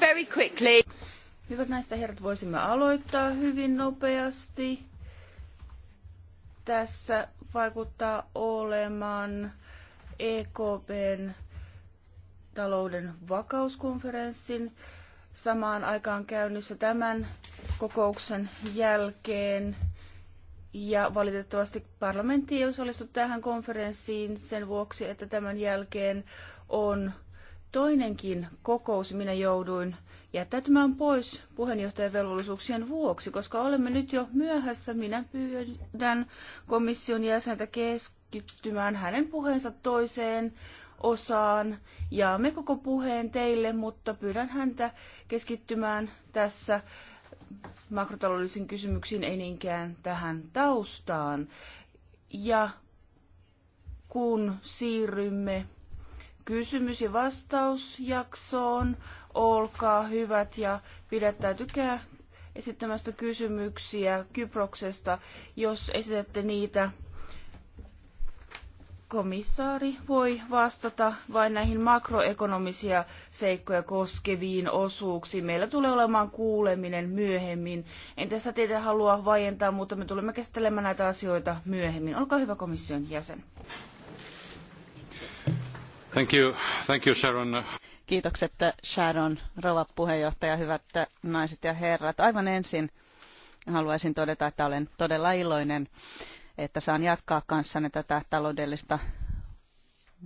very quickly. Hyvät näistä herrat, voisimme aloittaa hyvin nopeasti. Tässä vaikuttaa olemaan EKPn talouden vakauskonferenssin samaan aikaan käynnissä tämän kokouksen jälkeen. Ja valitettavasti parlamentti ei osallistu tähän konferenssiin sen vuoksi, että tämän jälkeen on toinenkin kokous minä jouduin jättäytymään pois puheenjohtajan velvollisuuksien vuoksi, koska olemme nyt jo myöhässä. Minä pyydän komission jäsentä keskittymään hänen puheensa toiseen osaan. Jaamme koko puheen teille, mutta pyydän häntä keskittymään tässä makrotaloudellisiin kysymyksiin, ei niinkään tähän taustaan. Ja kun siirrymme kysymys- ja vastausjaksoon. Olkaa hyvät ja pidättäytykää esittämästä kysymyksiä Kyproksesta, jos esitätte niitä. Komissaari voi vastata vain näihin makroekonomisia seikkoja koskeviin osuuksiin. Meillä tulee olemaan kuuleminen myöhemmin. En tässä teitä halua vaientaa, mutta me tulemme käsittelemään näitä asioita myöhemmin. Olkaa hyvä komission jäsen. Thank Sharon. Kiitokset Sharon, rouva puheenjohtaja, hyvät naiset ja herrat. Aivan ensin haluaisin todeta, että olen todella iloinen, että saan jatkaa kanssanne tätä taloudellista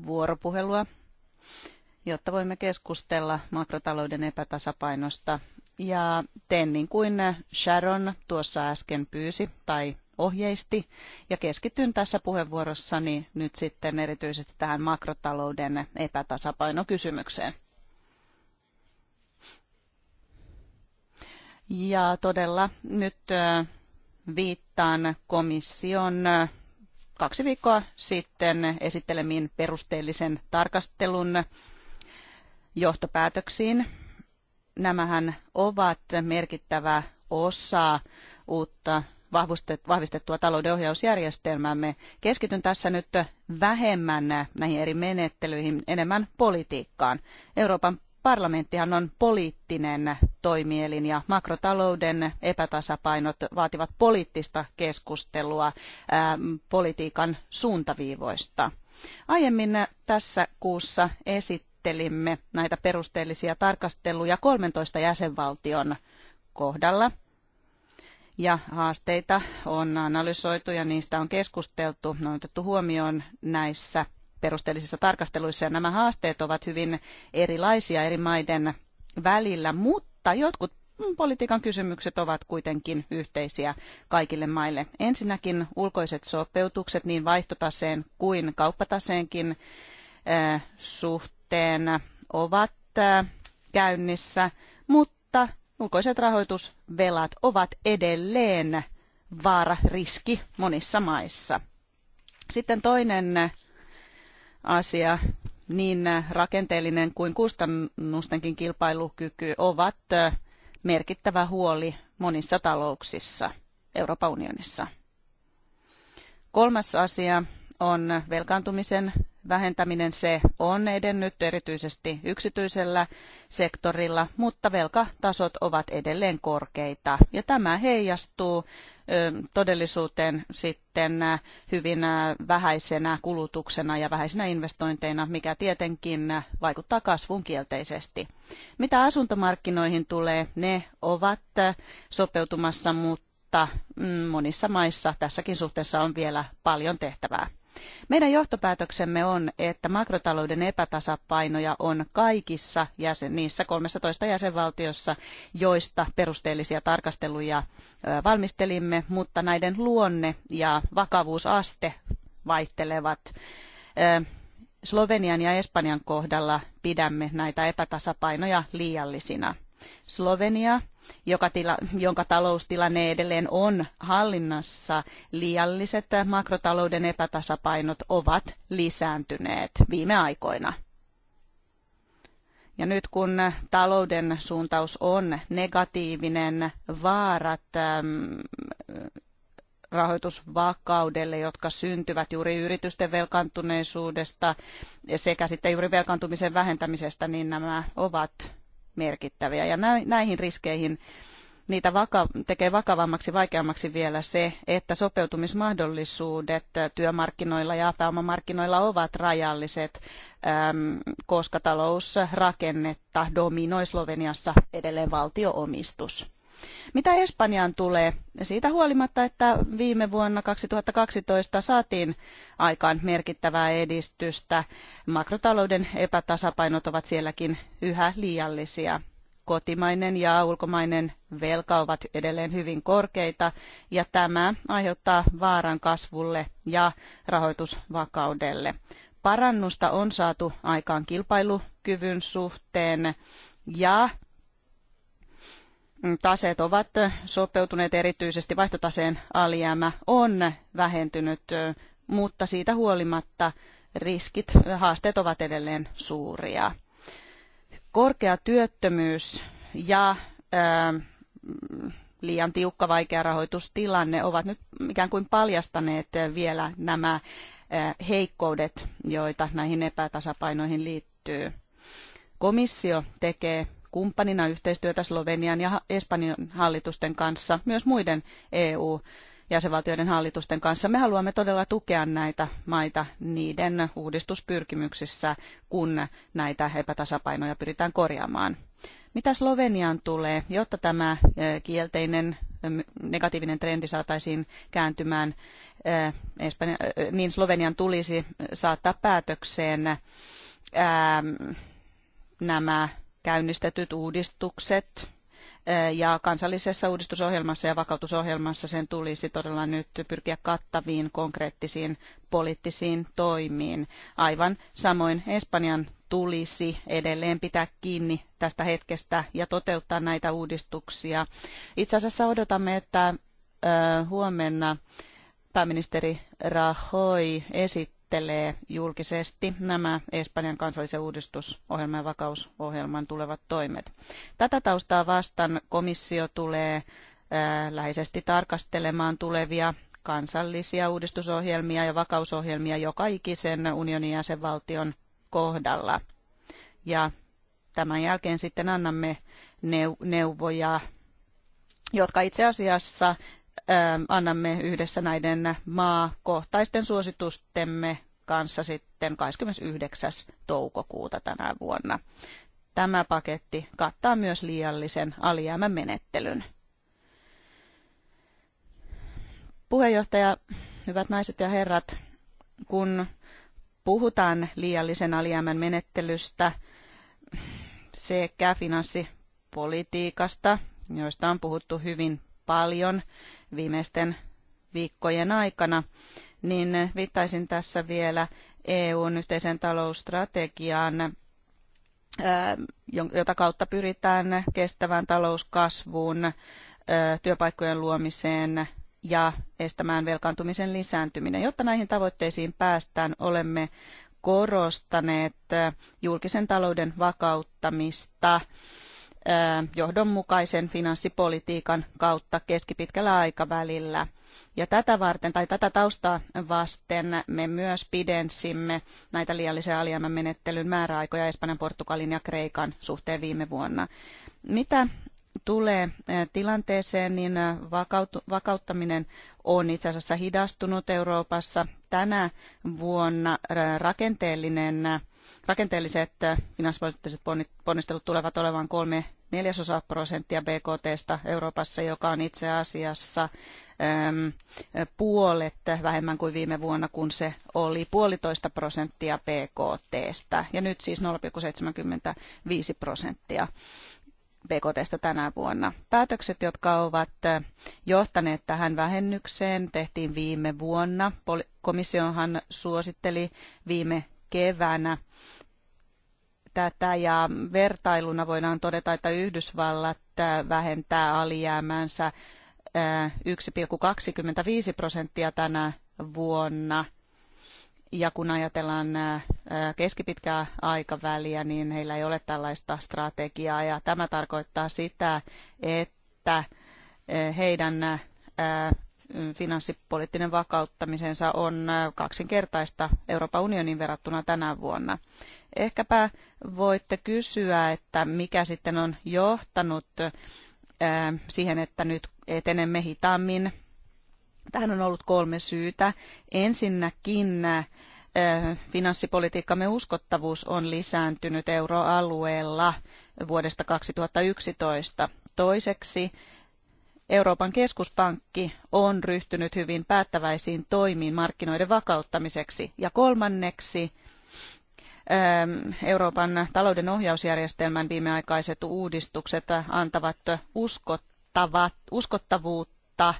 vuoropuhelua, jotta voimme keskustella makrotalouden epätasapainosta. Ja teen niin kuin Sharon tuossa äsken pyysi, tai ohjeisti. Ja keskityn tässä puheenvuorossani nyt sitten erityisesti tähän makrotalouden epätasapainokysymykseen. Ja todella nyt viittaan komission kaksi viikkoa sitten esittelemiin perusteellisen tarkastelun johtopäätöksiin. Nämähän ovat merkittävä osa uutta vahvistettua taloudenohjausjärjestelmämme. Keskityn tässä nyt vähemmän näihin eri menettelyihin, enemmän politiikkaan. Euroopan parlamenttihan on poliittinen toimielin ja makrotalouden epätasapainot vaativat poliittista keskustelua ää, politiikan suuntaviivoista. Aiemmin tässä kuussa esittelimme näitä perusteellisia tarkasteluja 13 jäsenvaltion kohdalla – ja haasteita on analysoitu ja niistä on keskusteltu, ne on otettu huomioon näissä perusteellisissa tarkasteluissa ja nämä haasteet ovat hyvin erilaisia eri maiden välillä, mutta jotkut politiikan kysymykset ovat kuitenkin yhteisiä kaikille maille. Ensinnäkin ulkoiset sopeutukset niin vaihtotaseen kuin kauppataseenkin eh, suhteen ovat eh, käynnissä, mutta ulkoiset rahoitusvelat ovat edelleen vaara-riski monissa maissa. Sitten toinen asia, niin rakenteellinen kuin kustannustenkin kilpailukyky ovat merkittävä huoli monissa talouksissa Euroopan unionissa. Kolmas asia on velkaantumisen vähentäminen se on edennyt erityisesti yksityisellä sektorilla, mutta velkatasot ovat edelleen korkeita. Ja tämä heijastuu todellisuuteen sitten hyvin vähäisenä kulutuksena ja vähäisenä investointeina, mikä tietenkin vaikuttaa kasvuun kielteisesti. Mitä asuntomarkkinoihin tulee, ne ovat sopeutumassa, mutta mm, monissa maissa tässäkin suhteessa on vielä paljon tehtävää. Meidän johtopäätöksemme on, että makrotalouden epätasapainoja on kaikissa jäsen, niissä 13 jäsenvaltiossa, joista perusteellisia tarkasteluja valmistelimme, mutta näiden luonne ja vakavuusaste vaihtelevat. Slovenian ja Espanjan kohdalla pidämme näitä epätasapainoja liiallisina. Slovenia joka tila, jonka taloustilanne edelleen on hallinnassa, liialliset makrotalouden epätasapainot ovat lisääntyneet viime aikoina. Ja nyt kun talouden suuntaus on negatiivinen, vaarat rahoitusvakaudelle, jotka syntyvät juuri yritysten velkaantuneisuudesta sekä sitten juuri velkaantumisen vähentämisestä, niin nämä ovat merkittäviä. Ja näihin riskeihin niitä vaka- tekee vakavammaksi, vaikeammaksi vielä se, että sopeutumismahdollisuudet työmarkkinoilla ja pääomamarkkinoilla ovat rajalliset, koska talousrakennetta dominoi Sloveniassa edelleen valtioomistus. Mitä Espanjaan tulee? Siitä huolimatta, että viime vuonna 2012 saatiin aikaan merkittävää edistystä, makrotalouden epätasapainot ovat sielläkin yhä liiallisia. Kotimainen ja ulkomainen velka ovat edelleen hyvin korkeita ja tämä aiheuttaa vaaran kasvulle ja rahoitusvakaudelle parannusta on saatu aikaan kilpailukyvyn suhteen ja Mm, taseet ovat sopeutuneet erityisesti vaihtotaseen alijäämä on vähentynyt, mutta siitä huolimatta riskit, haasteet ovat edelleen suuria. Korkea työttömyys ja liian tiukka vaikea rahoitustilanne ovat nyt ikään kuin paljastaneet vielä nämä heikkoudet, joita näihin epätasapainoihin liittyy. Komissio tekee kumppanina yhteistyötä Slovenian ja Espanjan hallitusten kanssa, myös muiden EU- jäsenvaltioiden hallitusten kanssa. Me haluamme todella tukea näitä maita niiden uudistuspyrkimyksissä, kun näitä epätasapainoja pyritään korjaamaan. Mitä Sloveniaan tulee, jotta tämä e, kielteinen negatiivinen trendi saataisiin kääntymään, e, e, niin Slovenian tulisi saattaa päätökseen nämä käynnistetyt uudistukset eh, ja kansallisessa uudistusohjelmassa ja vakautusohjelmassa sen tulisi todella nyt pyrkiä kattaviin konkreettisiin poliittisiin toimiin. Aivan samoin Espanjan tulisi edelleen pitää kiinni tästä hetkestä ja toteuttaa näitä uudistuksia. Itse asiassa odotamme, että eh, huomenna pääministeri Rahoi esittää käsittelee julkisesti nämä Espanjan kansallisen uudistusohjelman ja vakausohjelman tulevat toimet. Tätä taustaa vastaan komissio tulee äh, läheisesti tarkastelemaan tulevia kansallisia uudistusohjelmia ja vakausohjelmia joka ikisen unionin jäsenvaltion kohdalla. Ja tämän jälkeen sitten annamme neuvoja, jotka itse asiassa annamme yhdessä näiden maakohtaisten suositustemme kanssa sitten 29. toukokuuta tänä vuonna. Tämä paketti kattaa myös liiallisen alijäämän menettelyn. Puheenjohtaja, hyvät naiset ja herrat, kun puhutaan liiallisen alijäämän menettelystä sekä finanssipolitiikasta, joista on puhuttu hyvin paljon, viimeisten viikkojen aikana, niin viittaisin tässä vielä EUn yhteisen talousstrategiaan, jota kautta pyritään kestävään talouskasvuun, työpaikkojen luomiseen ja estämään velkaantumisen lisääntyminen. Jotta näihin tavoitteisiin päästään, olemme korostaneet julkisen talouden vakauttamista johdonmukaisen finanssipolitiikan kautta keskipitkällä aikavälillä. Ja tätä varten tai tätä taustaa vasten me myös pidensimme näitä liiallisen alijäämän menettelyn määräaikoja Espanjan, Portugalin ja Kreikan suhteen viime vuonna. Mitä tulee tilanteeseen, niin vakauttaminen on itse asiassa hidastunut Euroopassa. Tänä vuonna rakenteellinen, rakenteelliset finanssipoliittiset ponnistelut tulevat olemaan kolme neljäsosa prosenttia BKTstä Euroopassa, joka on itse asiassa puolet vähemmän kuin viime vuonna, kun se oli puolitoista prosenttia BKTstä, ja nyt siis 0,75 prosenttia. BKTstä tänä vuonna. Päätökset, jotka ovat johtaneet tähän vähennykseen, tehtiin viime vuonna. Komissiohan suositteli viime keväänä tätä ja vertailuna voidaan todeta, että Yhdysvallat vähentää alijäämänsä 1,25 prosenttia tänä vuonna – ja kun ajatellaan keskipitkää aikaväliä, niin heillä ei ole tällaista strategiaa. Ja tämä tarkoittaa sitä, että heidän finanssipoliittinen vakauttamisensa on kaksinkertaista Euroopan unionin verrattuna tänä vuonna. Ehkäpä voitte kysyä, että mikä sitten on johtanut siihen, että nyt etenemme hitaammin Tähän on ollut kolme syytä. Ensinnäkin äh, finanssipolitiikkamme uskottavuus on lisääntynyt euroalueella vuodesta 2011. Toiseksi Euroopan keskuspankki on ryhtynyt hyvin päättäväisiin toimiin markkinoiden vakauttamiseksi. Ja kolmanneksi ähm, Euroopan talouden ohjausjärjestelmän viimeaikaiset uudistukset antavat uskottavat, uskottavuutta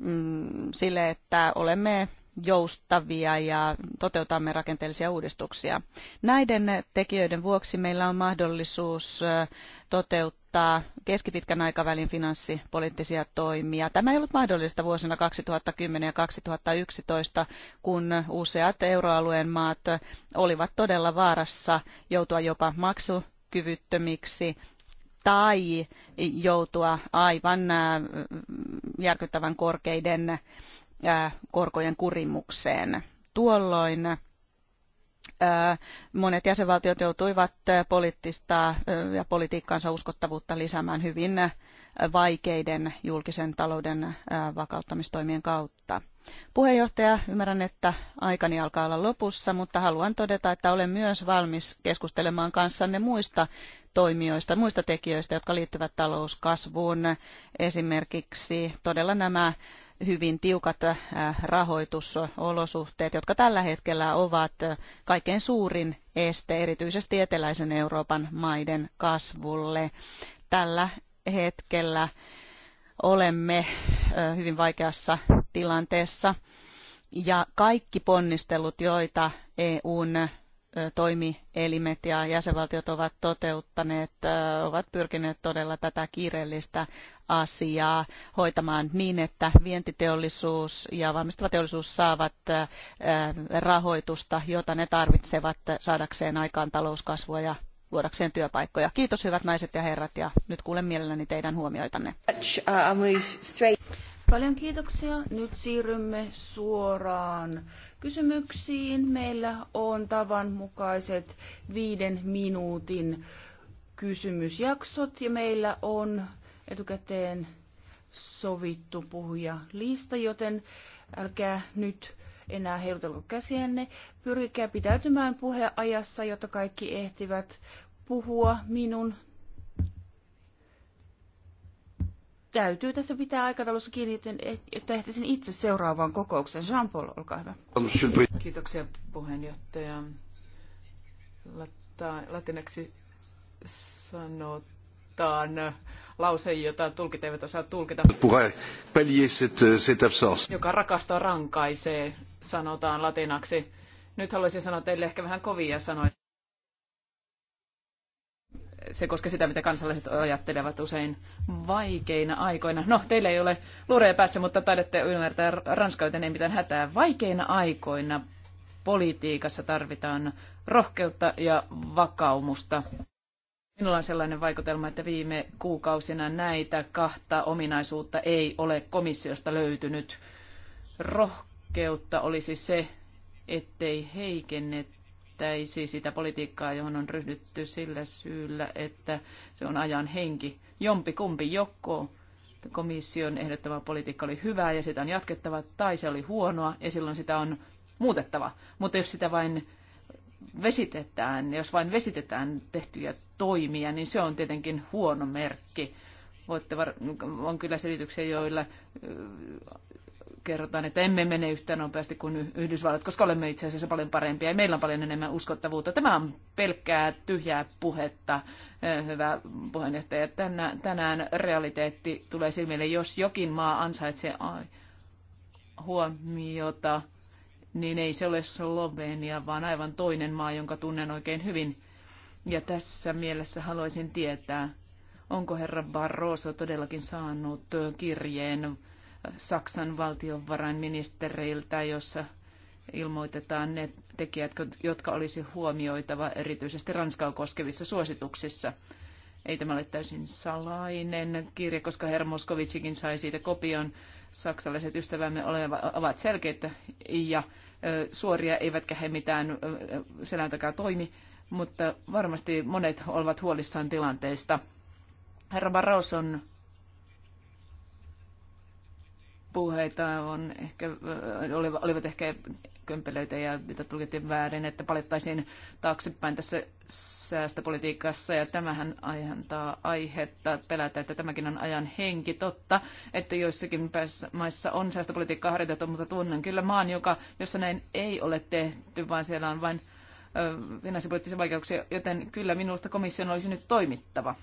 Mm, sille, että olemme joustavia ja toteutamme rakenteellisia uudistuksia. Näiden tekijöiden vuoksi meillä on mahdollisuus toteuttaa keskipitkän aikavälin finanssipoliittisia toimia. Tämä ei ollut mahdollista vuosina 2010 ja 2011, kun useat euroalueen maat olivat todella vaarassa joutua jopa maksukyvyttömiksi tai joutua aivan äh, järkyttävän korkeiden äh, korkojen kurimukseen. Tuolloin äh, monet jäsenvaltiot joutuivat poliittista ja politiikkansa uskottavuutta lisäämään hyvin vaikeiden julkisen talouden vakauttamistoimien kautta. Puheenjohtaja, ymmärrän, että aikani alkaa olla lopussa, mutta haluan todeta, että olen myös valmis keskustelemaan kanssanne muista toimijoista, muista tekijöistä, jotka liittyvät talouskasvuun. Esimerkiksi todella nämä hyvin tiukat rahoitusolosuhteet, jotka tällä hetkellä ovat kaikkein suurin este erityisesti eteläisen Euroopan maiden kasvulle. Tällä hetkellä olemme hyvin vaikeassa tilanteessa. Ja kaikki ponnistelut, joita EUn toimielimet ja jäsenvaltiot ovat toteuttaneet, ovat pyrkineet todella tätä kiireellistä asiaa hoitamaan niin, että vientiteollisuus ja valmistava teollisuus saavat rahoitusta, jota ne tarvitsevat saadakseen aikaan talouskasvua ja luodakseen työpaikkoja. Kiitos hyvät naiset ja herrat ja nyt kuulen mielelläni teidän huomioitanne. Paljon kiitoksia. Nyt siirrymme suoraan kysymyksiin. Meillä on tavanmukaiset viiden minuutin kysymysjaksot ja meillä on etukäteen sovittu puhuja lista, joten älkää nyt enää heilutelko käsiänne. Pyrkikää pitäytymään puheajassa, jotta kaikki ehtivät puhua minun. Täytyy tässä pitää aikataulussa kiinni, että eh, ehtisin itse seuraavaan kokoukseen. Jean-Paul, olkaa hyvä. Kiitoksia puheenjohtaja. Latinaksi sanotaan lause, jota tulkit eivät osaa tulkita. Joka rakastaa rankaisee sanotaan latinaksi. Nyt haluaisin sanoa teille ehkä vähän kovia sanoja. Se koskee sitä, mitä kansalaiset ajattelevat usein vaikeina aikoina. No, teillä ei ole luureja päässä, mutta taidatte ymmärtää ranskaa, joten ei mitään hätää. Vaikeina aikoina politiikassa tarvitaan rohkeutta ja vakaumusta. Minulla on sellainen vaikutelma, että viime kuukausina näitä kahta ominaisuutta ei ole komissiosta löytynyt. Roh- rohkeutta olisi se, ettei heikennettäisi sitä politiikkaa, johon on ryhdytty sillä syyllä, että se on ajan henki. Jompi kumpi joko komission ehdottava politiikka oli hyvää ja sitä on jatkettava, tai se oli huonoa ja silloin sitä on muutettava. Mutta jos sitä vain vesitetään, jos vain vesitetään tehtyjä toimia, niin se on tietenkin huono merkki. Voitte var- on kyllä selityksiä, joilla kerrotaan, että emme mene yhtä nopeasti kuin Yhdysvallat, koska olemme itse asiassa paljon parempia ja meillä on paljon enemmän uskottavuutta. Tämä on pelkkää tyhjää puhetta, hyvä puheenjohtaja. Tänään, tänään realiteetti tulee silmille, jos jokin maa ansaitsee huomiota, niin ei se ole Slovenia, vaan aivan toinen maa, jonka tunnen oikein hyvin. Ja tässä mielessä haluaisin tietää, onko herra Barroso todellakin saanut kirjeen Saksan valtionvarainministeriltä, jossa ilmoitetaan ne tekijät, jotka olisi huomioitava erityisesti Ranskaa koskevissa suosituksissa. Ei tämä ole täysin salainen kirje, koska herra Moskovitsikin sai siitä kopion. Saksalaiset ystävämme ovat selkeitä ja suoria, eivätkä he mitään selän takaa toimi, mutta varmasti monet ovat huolissaan tilanteesta. Herra Barros on puheita on ehkä, olivat ehkä kömpelöitä ja mitä tulkittiin väärin, että palettaisiin taaksepäin tässä säästöpolitiikassa. Ja tämähän aiheuttaa aihetta pelätä, että tämäkin on ajan henki. Totta, että joissakin maissa on säästöpolitiikkaa harjoitettu, mutta tunnen kyllä maan, joka, jossa näin ei ole tehty, vaan siellä on vain finanssipoliittisia vaikeuksia, joten kyllä minusta komission olisi nyt toimittava.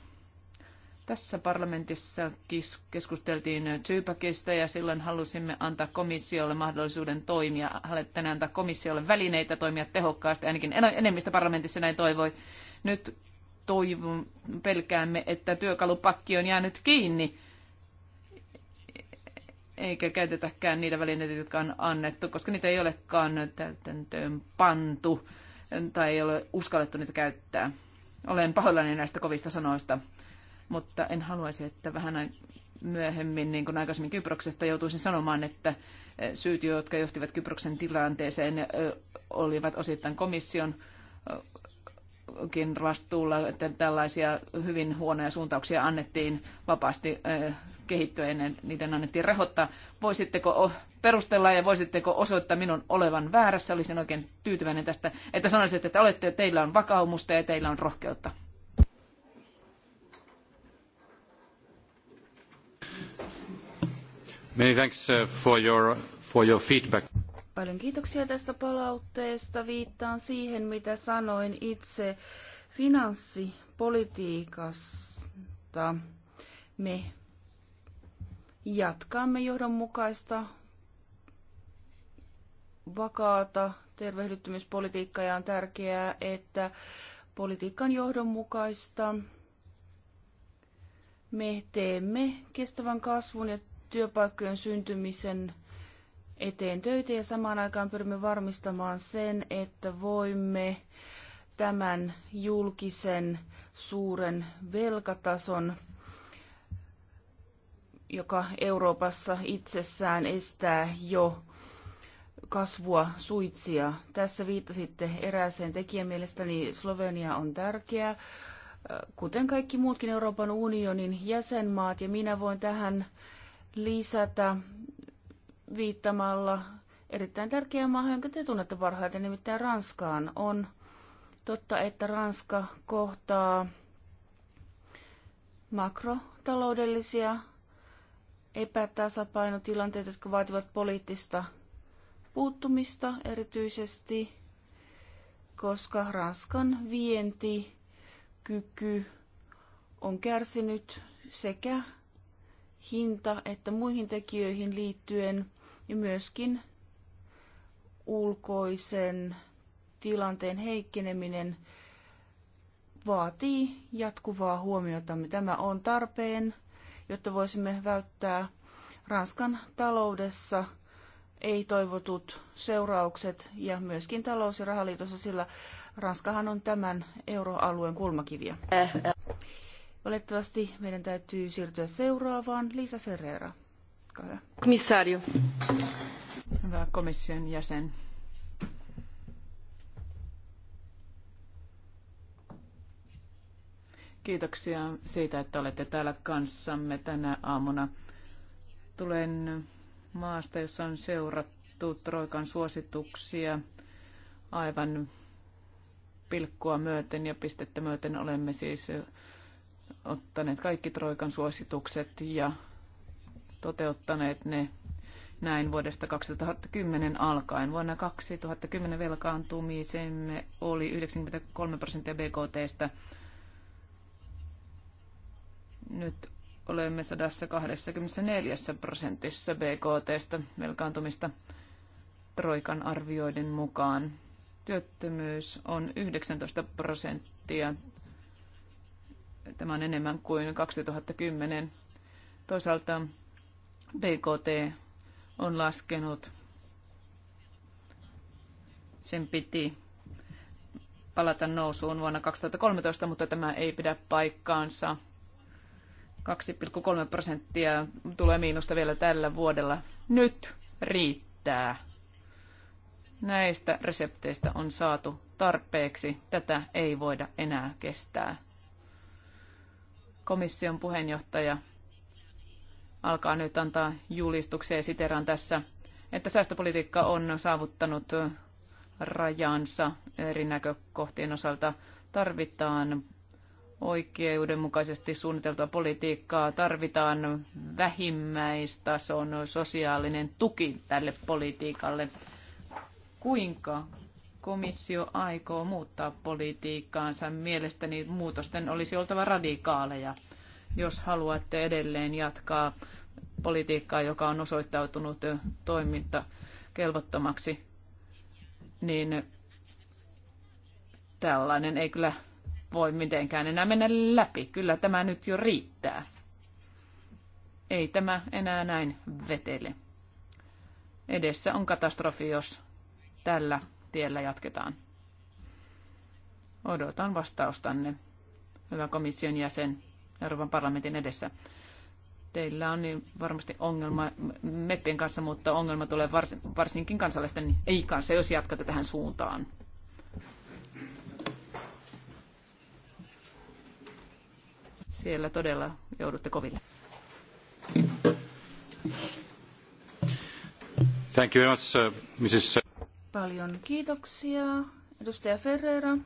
Tässä parlamentissa keskusteltiin Tsyypäkistä ja silloin halusimme antaa komissiolle mahdollisuuden toimia. Haluamme antaa komissiolle välineitä toimia tehokkaasti, ainakin enemmistö parlamentissa näin toivoi. Nyt toivon, pelkäämme, että työkalupakki on jäänyt kiinni eikä käytetäkään niitä välineitä, jotka on annettu, koska niitä ei olekaan täytäntöön pantu tai ei ole uskallettu niitä käyttää. Olen pahoillani näistä kovista sanoista mutta en haluaisi, että vähän myöhemmin, niin kuin aikaisemmin Kyproksesta, joutuisin sanomaan, että eh, syyt, jotka johtivat Kyproksen tilanteeseen, eh, olivat osittain komission eh, vastuulla, että tällaisia hyvin huonoja suuntauksia annettiin vapaasti kehittyä ennen niiden annettiin rahoittaa. Voisitteko perustella ja voisitteko osoittaa minun olevan väärässä? Olisin oikein tyytyväinen tästä, että sanoisitte, että olette, teillä on vakaumusta ja teillä on rohkeutta. Many thanks uh, for your, feedback. Paljon kiitoksia tästä palautteesta. Viittaan siihen, mitä sanoin itse finanssipolitiikasta. Me jatkamme johdonmukaista vakaata tervehdyttämispolitiikkaa ja on tärkeää, että politiikan johdonmukaista. Me teemme kestävän kasvun ja työpaikkojen syntymisen eteen töitä ja samaan aikaan pyrimme varmistamaan sen, että voimme tämän julkisen suuren velkatason, joka Euroopassa itsessään estää jo kasvua suitsia. Tässä viittasitte erääseen tekijän mielestäni Slovenia on tärkeä, kuten kaikki muutkin Euroopan unionin jäsenmaat, ja minä voin tähän lisätä viittamalla erittäin tärkeä maa, jonka te tunnette parhaiten, nimittäin Ranskaan. On totta, että Ranska kohtaa makrotaloudellisia epätasapainotilanteita, jotka vaativat poliittista puuttumista erityisesti, koska Ranskan vientikyky on kärsinyt sekä hinta että muihin tekijöihin liittyen ja myöskin ulkoisen tilanteen heikkeneminen vaatii jatkuvaa huomiota. Tämä on tarpeen, jotta voisimme välttää Ranskan taloudessa ei-toivotut seuraukset ja myöskin talous- ja rahaliitossa, sillä Ranskahan on tämän euroalueen kulmakiviä. Eh, eh, Valitettavasti meidän täytyy siirtyä seuraavaan. Liisa Ferreira. Hyvä. Komissaario. Hyvä komission jäsen. Kiitoksia siitä, että olette täällä kanssamme tänä aamuna. Tulen maasta, jossa on seurattu Troikan suosituksia aivan pilkkua myöten ja pistettä myöten olemme siis ottaneet kaikki Troikan suositukset ja toteuttaneet ne näin vuodesta 2010 alkaen. Vuonna 2010 velkaantumisemme oli 93 prosenttia BKTstä. Nyt olemme 124 prosentissa BKTstä velkaantumista Troikan arvioiden mukaan. Työttömyys on 19 prosenttia Tämä on enemmän kuin 2010. Toisaalta BKT on laskenut. Sen piti palata nousuun vuonna 2013, mutta tämä ei pidä paikkaansa. 2,3 prosenttia tulee miinusta vielä tällä vuodella. Nyt riittää. Näistä resepteistä on saatu tarpeeksi. Tätä ei voida enää kestää komission puheenjohtaja alkaa nyt antaa julistuksia ja siteraan tässä, että säästöpolitiikka on saavuttanut rajansa eri näkökohtien osalta. Tarvitaan oikeudenmukaisesti suunniteltua politiikkaa, tarvitaan vähimmäistason sosiaalinen tuki tälle politiikalle. Kuinka komissio aikoo muuttaa politiikkaansa. Mielestäni muutosten olisi oltava radikaaleja, jos haluatte edelleen jatkaa politiikkaa, joka on osoittautunut toiminta kelvottomaksi, niin tällainen ei kyllä voi mitenkään enää mennä läpi. Kyllä tämä nyt jo riittää. Ei tämä enää näin vetele. Edessä on katastrofi, jos tällä tiellä jatketaan. Odotan vastaustanne, hyvä komission jäsen Euroopan parlamentin edessä. Teillä on niin varmasti ongelma meppien kanssa, mutta ongelma tulee varsinkin kansalaisten ei kanssa, jos jatkatte tähän suuntaan. Siellä todella joudutte koville. Thank you very much, uh, Mrs. Paljon kiitoksia. Edustaja Ferreira.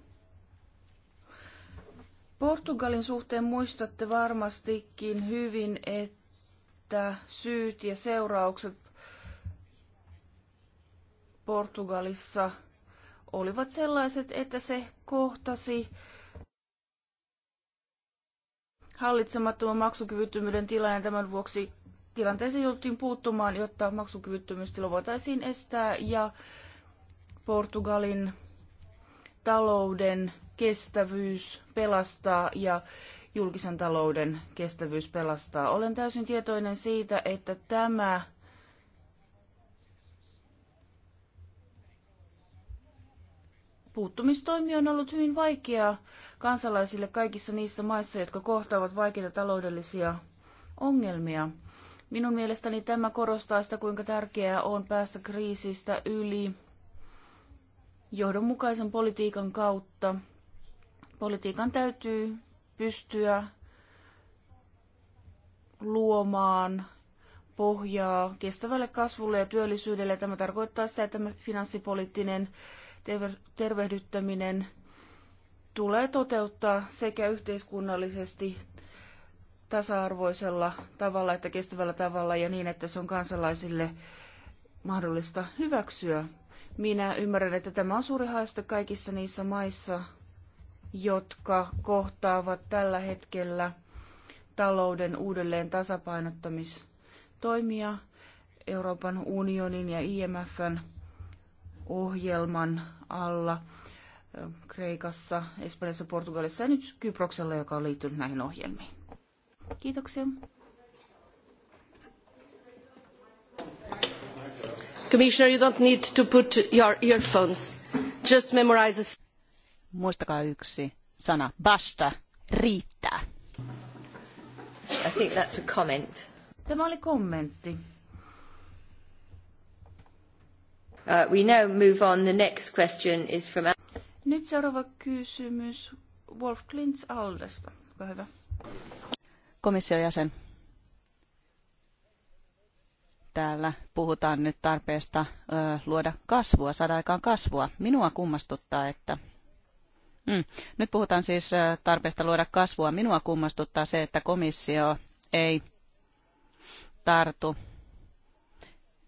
Portugalin suhteen muistatte varmastikin hyvin, että syyt ja seuraukset Portugalissa olivat sellaiset, että se kohtasi hallitsemattoman maksukyvyttömyyden tilan ja tämän vuoksi tilanteeseen jouduttiin puuttumaan, jotta maksukyvyttömyystilo voitaisiin estää ja Portugalin talouden kestävyys pelastaa ja julkisen talouden kestävyys pelastaa. Olen täysin tietoinen siitä, että tämä puuttumistoimi on ollut hyvin vaikeaa kansalaisille kaikissa niissä maissa, jotka kohtaavat vaikeita taloudellisia ongelmia. Minun mielestäni tämä korostaa sitä, kuinka tärkeää on päästä kriisistä yli johdonmukaisen politiikan kautta. Politiikan täytyy pystyä luomaan pohjaa kestävälle kasvulle ja työllisyydelle. Tämä tarkoittaa sitä, että finanssipoliittinen tervehdyttäminen tulee toteuttaa sekä yhteiskunnallisesti tasa-arvoisella tavalla että kestävällä tavalla ja niin, että se on kansalaisille mahdollista hyväksyä. Minä ymmärrän, että tämä on suuri haaste kaikissa niissä maissa, jotka kohtaavat tällä hetkellä talouden uudelleen tasapainottamistoimia Euroopan unionin ja IMFn ohjelman alla Kreikassa, Espanjassa, Portugalissa ja nyt Kyproksella, joka on liittynyt näihin ohjelmiin. Kiitoksia. Commissioner, you don't need to put your earphones. Just memorize a... Muistakaa yksi sana. Basta. Riittää. I think that's a comment. Tämä oli kommentti. Uh, we now move on. The next question is from... Nyt seuraava kysymys Wolf Klintz Aldesta. Olkaa hyvä. Komission jäsen täällä puhutaan nyt tarpeesta luoda kasvua, saada aikaan kasvua. Minua kummastuttaa, että Mm. Nyt puhutaan siis tarpeesta luoda kasvua. Minua kummastuttaa se, että komissio ei tartu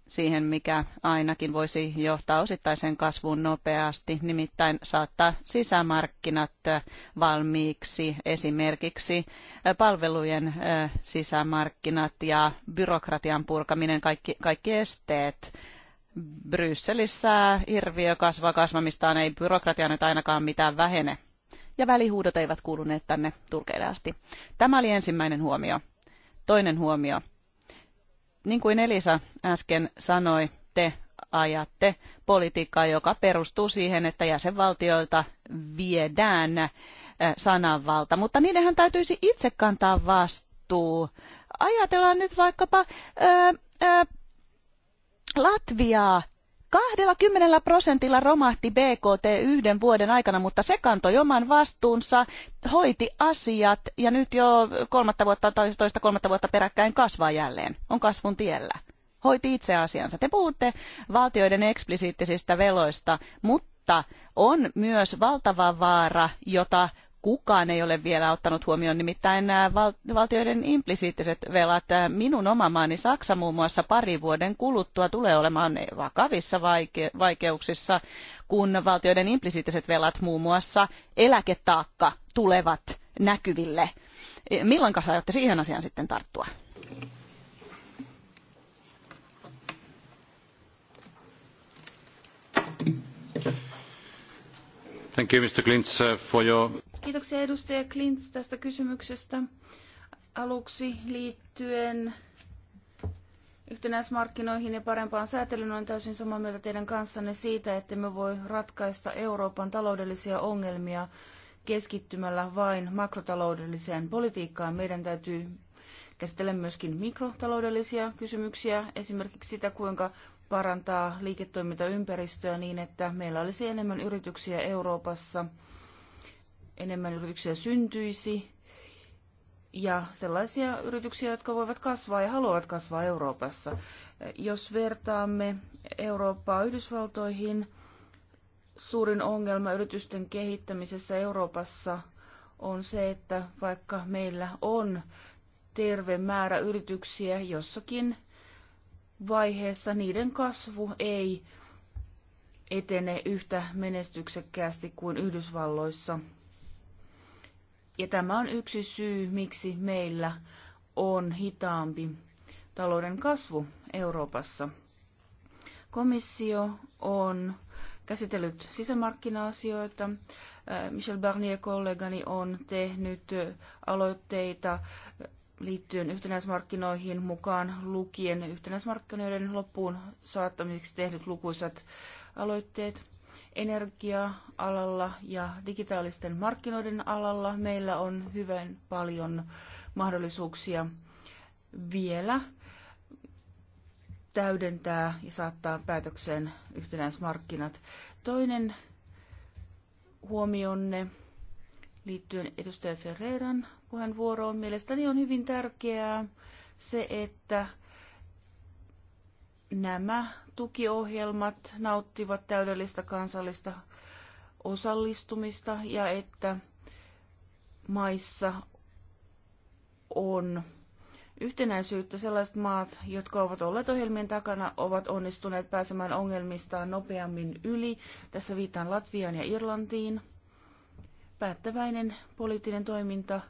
siihen, mikä ainakin voisi johtaa osittaisen kasvuun nopeasti, nimittäin saattaa sisämarkkinat valmiiksi, esimerkiksi palvelujen sisämarkkinat ja byrokratian purkaminen, kaikki, kaikki esteet. Brysselissä hirviö kasvaa kasvamistaan, ei byrokratia nyt ainakaan mitään vähene. Ja välihuudot eivät kuuluneet tänne turkeille asti. Tämä oli ensimmäinen huomio. Toinen huomio niin kuin Elisa äsken sanoi, te ajatte politiikkaa, joka perustuu siihen, että jäsenvaltioilta viedään äh, sananvalta. Mutta niidenhän täytyisi itse kantaa vastuu. Ajatellaan nyt vaikkapa ää, äh, ää, äh, Latviaa. 20 prosentilla romahti BKT yhden vuoden aikana, mutta se kantoi oman vastuunsa, hoiti asiat ja nyt jo kolmatta vuotta tai toista kolmatta vuotta peräkkäin kasvaa jälleen. On kasvun tiellä. Hoiti itse asiansa. Te puhutte valtioiden eksplisiittisistä veloista, mutta on myös valtava vaara, jota kukaan ei ole vielä ottanut huomioon, nimittäin nämä valtioiden implisiittiset velat. Minun oma maani Saksa muun muassa pari vuoden kuluttua tulee olemaan vakavissa vaikeuksissa, kun valtioiden implisiittiset velat muun muassa eläketaakka tulevat näkyville. E, milloin aiotte siihen asiaan sitten tarttua? Thank you, Mr. Klintz, uh, for your Kiitoksia edustaja Klints tästä kysymyksestä. Aluksi liittyen yhtenäismarkkinoihin ja parempaan säätelyyn olen täysin samaa mieltä teidän kanssanne siitä, että me voi ratkaista Euroopan taloudellisia ongelmia keskittymällä vain makrotaloudelliseen politiikkaan. Meidän täytyy käsitellä myöskin mikrotaloudellisia kysymyksiä, esimerkiksi sitä, kuinka parantaa liiketoimintaympäristöä niin, että meillä olisi enemmän yrityksiä Euroopassa – enemmän yrityksiä syntyisi ja sellaisia yrityksiä, jotka voivat kasvaa ja haluavat kasvaa Euroopassa. Jos vertaamme Eurooppaa Yhdysvaltoihin, suurin ongelma yritysten kehittämisessä Euroopassa on se, että vaikka meillä on terve määrä yrityksiä jossakin vaiheessa, niiden kasvu ei etene yhtä menestyksekkäästi kuin Yhdysvalloissa ja tämä on yksi syy, miksi meillä on hitaampi talouden kasvu Euroopassa. Komissio on käsitellyt sisämarkkina-asioita. Äh, Michel Barnier kollegani on tehnyt aloitteita liittyen yhtenäismarkkinoihin mukaan lukien yhtenäismarkkinoiden loppuun saattamiseksi tehdyt lukuisat aloitteet energia-alalla ja digitaalisten markkinoiden alalla meillä on hyvin paljon mahdollisuuksia vielä täydentää ja saattaa päätökseen yhtenäismarkkinat. Toinen huomionne liittyen edustaja Ferreiran puheenvuoroon. Mielestäni on hyvin tärkeää se, että nämä tukiohjelmat nauttivat täydellistä kansallista osallistumista ja että maissa on yhtenäisyyttä. Sellaiset maat, jotka ovat olleet ohjelmien takana, ovat onnistuneet pääsemään ongelmistaan nopeammin yli. Tässä viittaan Latviaan ja Irlantiin. Päättäväinen poliittinen toiminta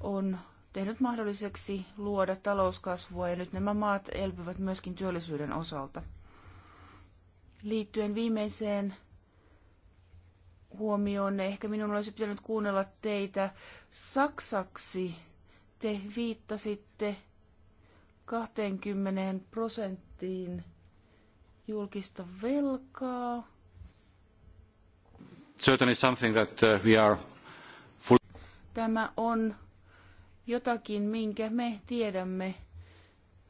on tehnyt mahdolliseksi luoda talouskasvua ja nyt nämä maat elpyvät myöskin työllisyyden osalta liittyen viimeiseen huomioon, ehkä minun olisi pitänyt kuunnella teitä saksaksi. Te viittasitte 20 prosenttiin julkista velkaa. Certainly something that uh, we are full... Tämä on jotakin, minkä me tiedämme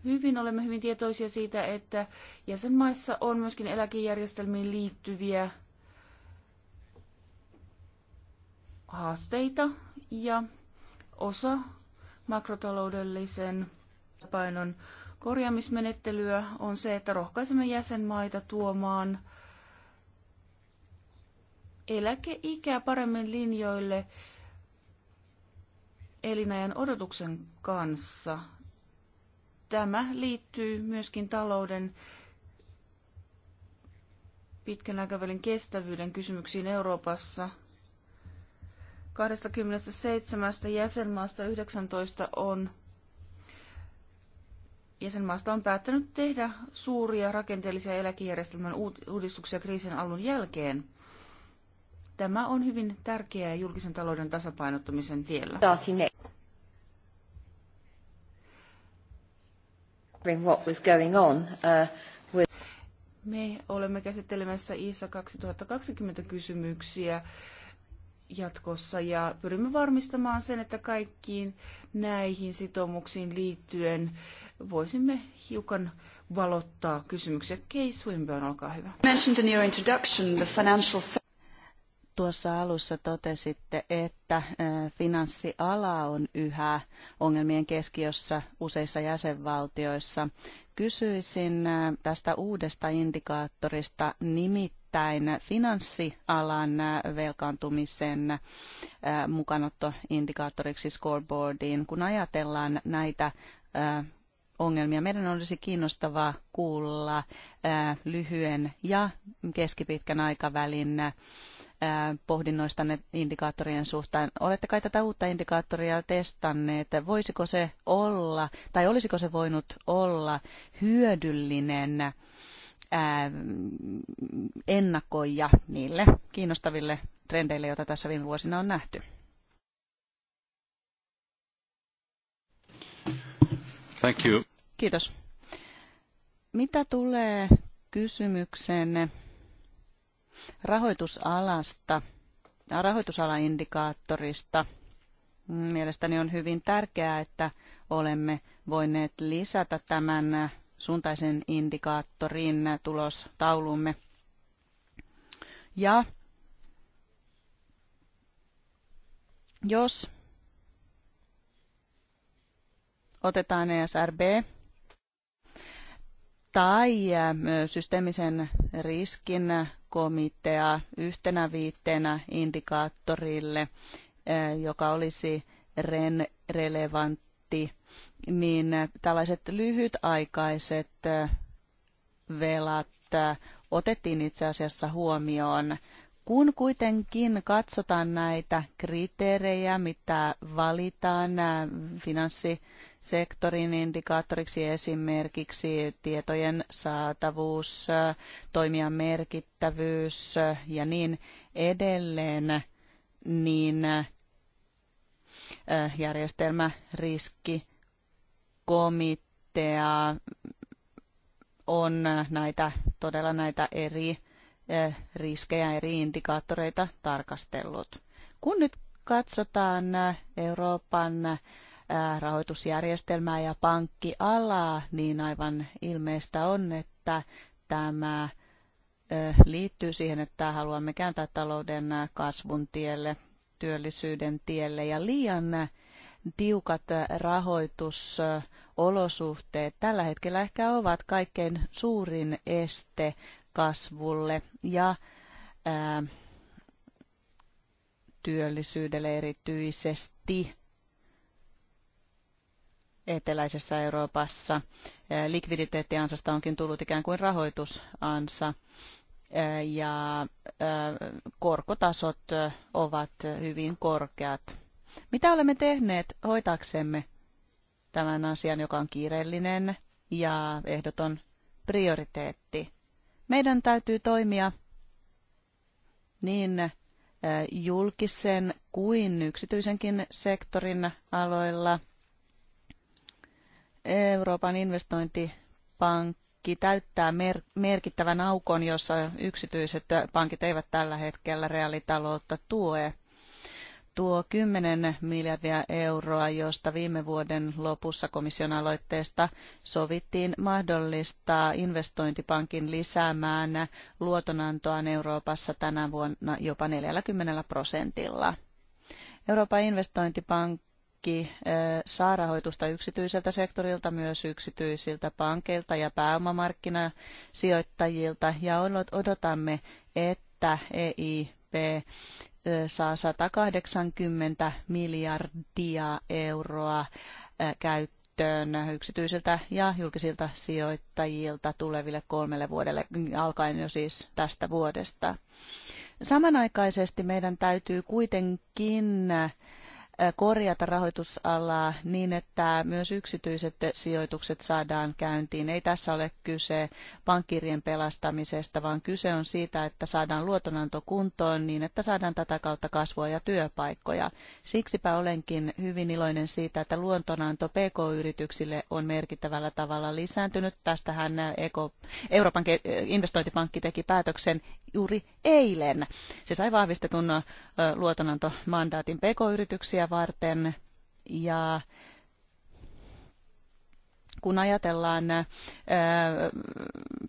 hyvin. Olemme hyvin tietoisia siitä, että jäsenmaissa on myöskin eläkejärjestelmiin liittyviä haasteita ja osa makrotaloudellisen painon korjaamismenettelyä on se, että rohkaisemme jäsenmaita tuomaan eläkeikää paremmin linjoille elinajan odotuksen kanssa. Tämä liittyy myöskin talouden pitkän aikavälin kestävyyden kysymyksiin Euroopassa. 27 jäsenmaasta 19 on jäsenmaasta on päättänyt tehdä suuria rakenteellisia eläkejärjestelmän uudistuksia kriisin alun jälkeen. Tämä on hyvin tärkeää julkisen talouden tasapainottamisen tiellä. Uh, Me olemme käsittelemässä ISA 2020 kysymyksiä jatkossa ja pyrimme varmistamaan sen, että kaikkiin näihin sitoumuksiin liittyen voisimme hiukan valottaa kysymyksiä. Kei Swinburne, olkaa hyvä. Mentioned in your introduction the financial tuossa alussa totesitte, että äh, finanssiala on yhä ongelmien keskiössä useissa jäsenvaltioissa. Kysyisin äh, tästä uudesta indikaattorista, nimittäin finanssialan äh, velkaantumisen mukanottoindikaattoriksi siis scoreboardiin. Kun ajatellaan näitä ongelmia. Meidän olisi kiinnostavaa kuulla lyhyen ja keskipitkän aikavälin pohdinnoistanne indikaattorien suhteen. Olette kai tätä uutta indikaattoria testanneet. Voisiko se olla, tai olisiko se voinut olla hyödyllinen ennakoija niille kiinnostaville trendeille, joita tässä viime vuosina on nähty? Thank you. Kiitos. Mitä tulee kysymykseen rahoitusalasta, rahoitusalaindikaattorista. Mielestäni on hyvin tärkeää, että olemme voineet lisätä tämän suuntaisen indikaattorin tulostaulumme. Ja jos otetaan ESRB tai systeemisen riskin komitea yhtenä viitteenä indikaattorille, eh, joka olisi REN relevantti, niin tällaiset lyhytaikaiset eh, velat eh, otettiin itse asiassa huomioon. Kun kuitenkin katsotaan näitä kriteerejä, mitä valitaan finanssi sektorin indikaattoriksi esimerkiksi tietojen saatavuus, toimijan merkittävyys ja niin edelleen, niin äh, komitea on näitä, todella näitä eri äh, riskejä, eri indikaattoreita tarkastellut. Kun nyt katsotaan äh, Euroopan Äh, rahoitusjärjestelmää ja pankkialaa, niin aivan ilmeistä on, että tämä liittyy siihen, että haluamme kääntää talouden äh, kasvun tielle, työllisyyden tielle ja liian äh, tiukat rahoitusolosuhteet tällä hetkellä ehkä ovat kaikkein suurin este kasvulle ja ää, työllisyydelle erityisesti eteläisessä Euroopassa. Likviditeettiansasta onkin tullut ikään kuin rahoitusansa ja korkotasot ovat hyvin korkeat. Mitä olemme tehneet hoitaksemme tämän asian, joka on kiireellinen ja ehdoton prioriteetti? Meidän täytyy toimia niin julkisen kuin yksityisenkin sektorin aloilla – Euroopan investointipankki täyttää mer- merkittävän aukon, jossa yksityiset pankit eivät tällä hetkellä reaalitaloutta tue. Tuo 10 miljardia euroa, josta viime vuoden lopussa komission aloitteesta sovittiin mahdollistaa investointipankin lisäämään luotonantoaan Euroopassa tänä vuonna jopa 40 prosentilla. Euroopan investointipankki kaikki saa rahoitusta yksityiseltä sektorilta, myös yksityisiltä pankeilta ja pääomamarkkinasijoittajilta. Ja odotamme, että EIP saa 180 miljardia euroa käyttöön yksityisiltä ja julkisilta sijoittajilta tuleville kolmelle vuodelle, alkaen jo siis tästä vuodesta. Samanaikaisesti meidän täytyy kuitenkin korjata rahoitusalaa niin, että myös yksityiset sijoitukset saadaan käyntiin. Ei tässä ole kyse pankkirien pelastamisesta, vaan kyse on siitä, että saadaan luotonanto kuntoon niin, että saadaan tätä kautta kasvua ja työpaikkoja. Siksipä olenkin hyvin iloinen siitä, että luotonanto PK-yrityksille on merkittävällä tavalla lisääntynyt. Tästähän Eko, Euroopan investointipankki teki päätöksen juuri eilen. Se sai vahvistetun luotonantomandaatin PK-yrityksiä varten ja kun ajatellaan äh,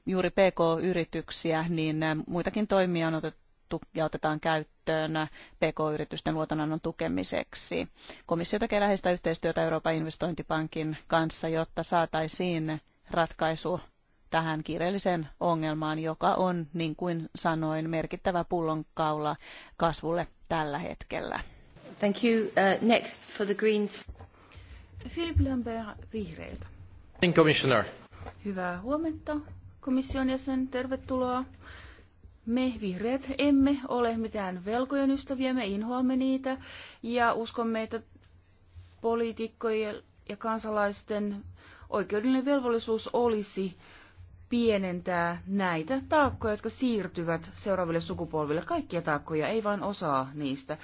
juuri PK-yrityksiä, niin äh, muitakin toimia on otettu ja otetaan käyttöön PK-yritysten luotonannon tukemiseksi. Komissio tekee läheistä yhteistyötä Euroopan investointipankin kanssa, jotta saataisiin ratkaisu tähän kiireelliseen ongelmaan, joka on, niin kuin sanoin, merkittävä pullonkaula kasvulle tällä hetkellä. Thank you. Uh, next for the Greens. Philip Lambert vihreiltä. Commissioner. Hyvää huomenta, komission jäsen. Tervetuloa. Me vihreät emme ole mitään velkojen ystäviä, me inhoamme niitä ja uskomme, että poliitikkojen ja kansalaisten oikeudellinen velvollisuus olisi pienentää näitä taakkoja, jotka siirtyvät seuraaville sukupolville. Kaikkia taakkoja, ei vain osaa niistä.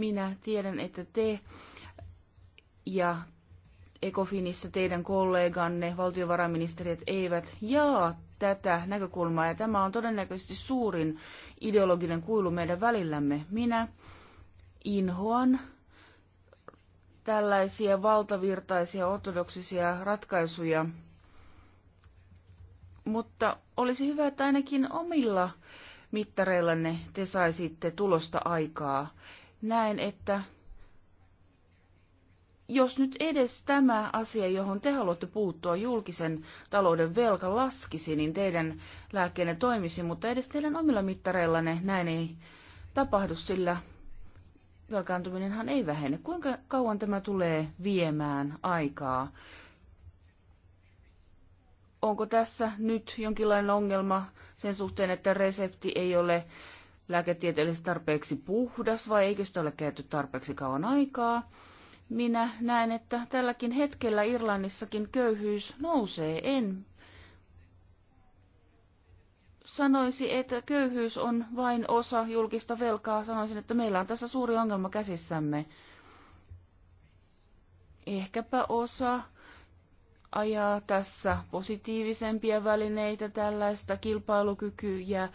Minä tiedän, että te ja ekofinissa teidän kolleganne, valtiovarainministeriöt, eivät jaa tätä näkökulmaa. Ja tämä on todennäköisesti suurin ideologinen kuilu meidän välillämme. Minä inhoan tällaisia valtavirtaisia ortodoksisia ratkaisuja, mutta olisi hyvä, että ainakin omilla mittareillanne te saisitte tulosta aikaa näen, että jos nyt edes tämä asia, johon te haluatte puuttua, julkisen talouden velka laskisi, niin teidän lääkkeenne toimisi, mutta edes teidän omilla mittareillanne näin ei tapahdu, sillä velkaantuminenhan ei vähene. Kuinka kauan tämä tulee viemään aikaa? Onko tässä nyt jonkinlainen ongelma sen suhteen, että resepti ei ole lääketieteellisesti tarpeeksi puhdas vai eikö sitä ole käytetty tarpeeksi kauan aikaa. Minä näen, että tälläkin hetkellä Irlannissakin köyhyys nousee. En sanoisi, että köyhyys on vain osa julkista velkaa. Sanoisin, että meillä on tässä suuri ongelma käsissämme. Ehkäpä osa ajaa tässä positiivisempia välineitä, tällaista kilpailukykyä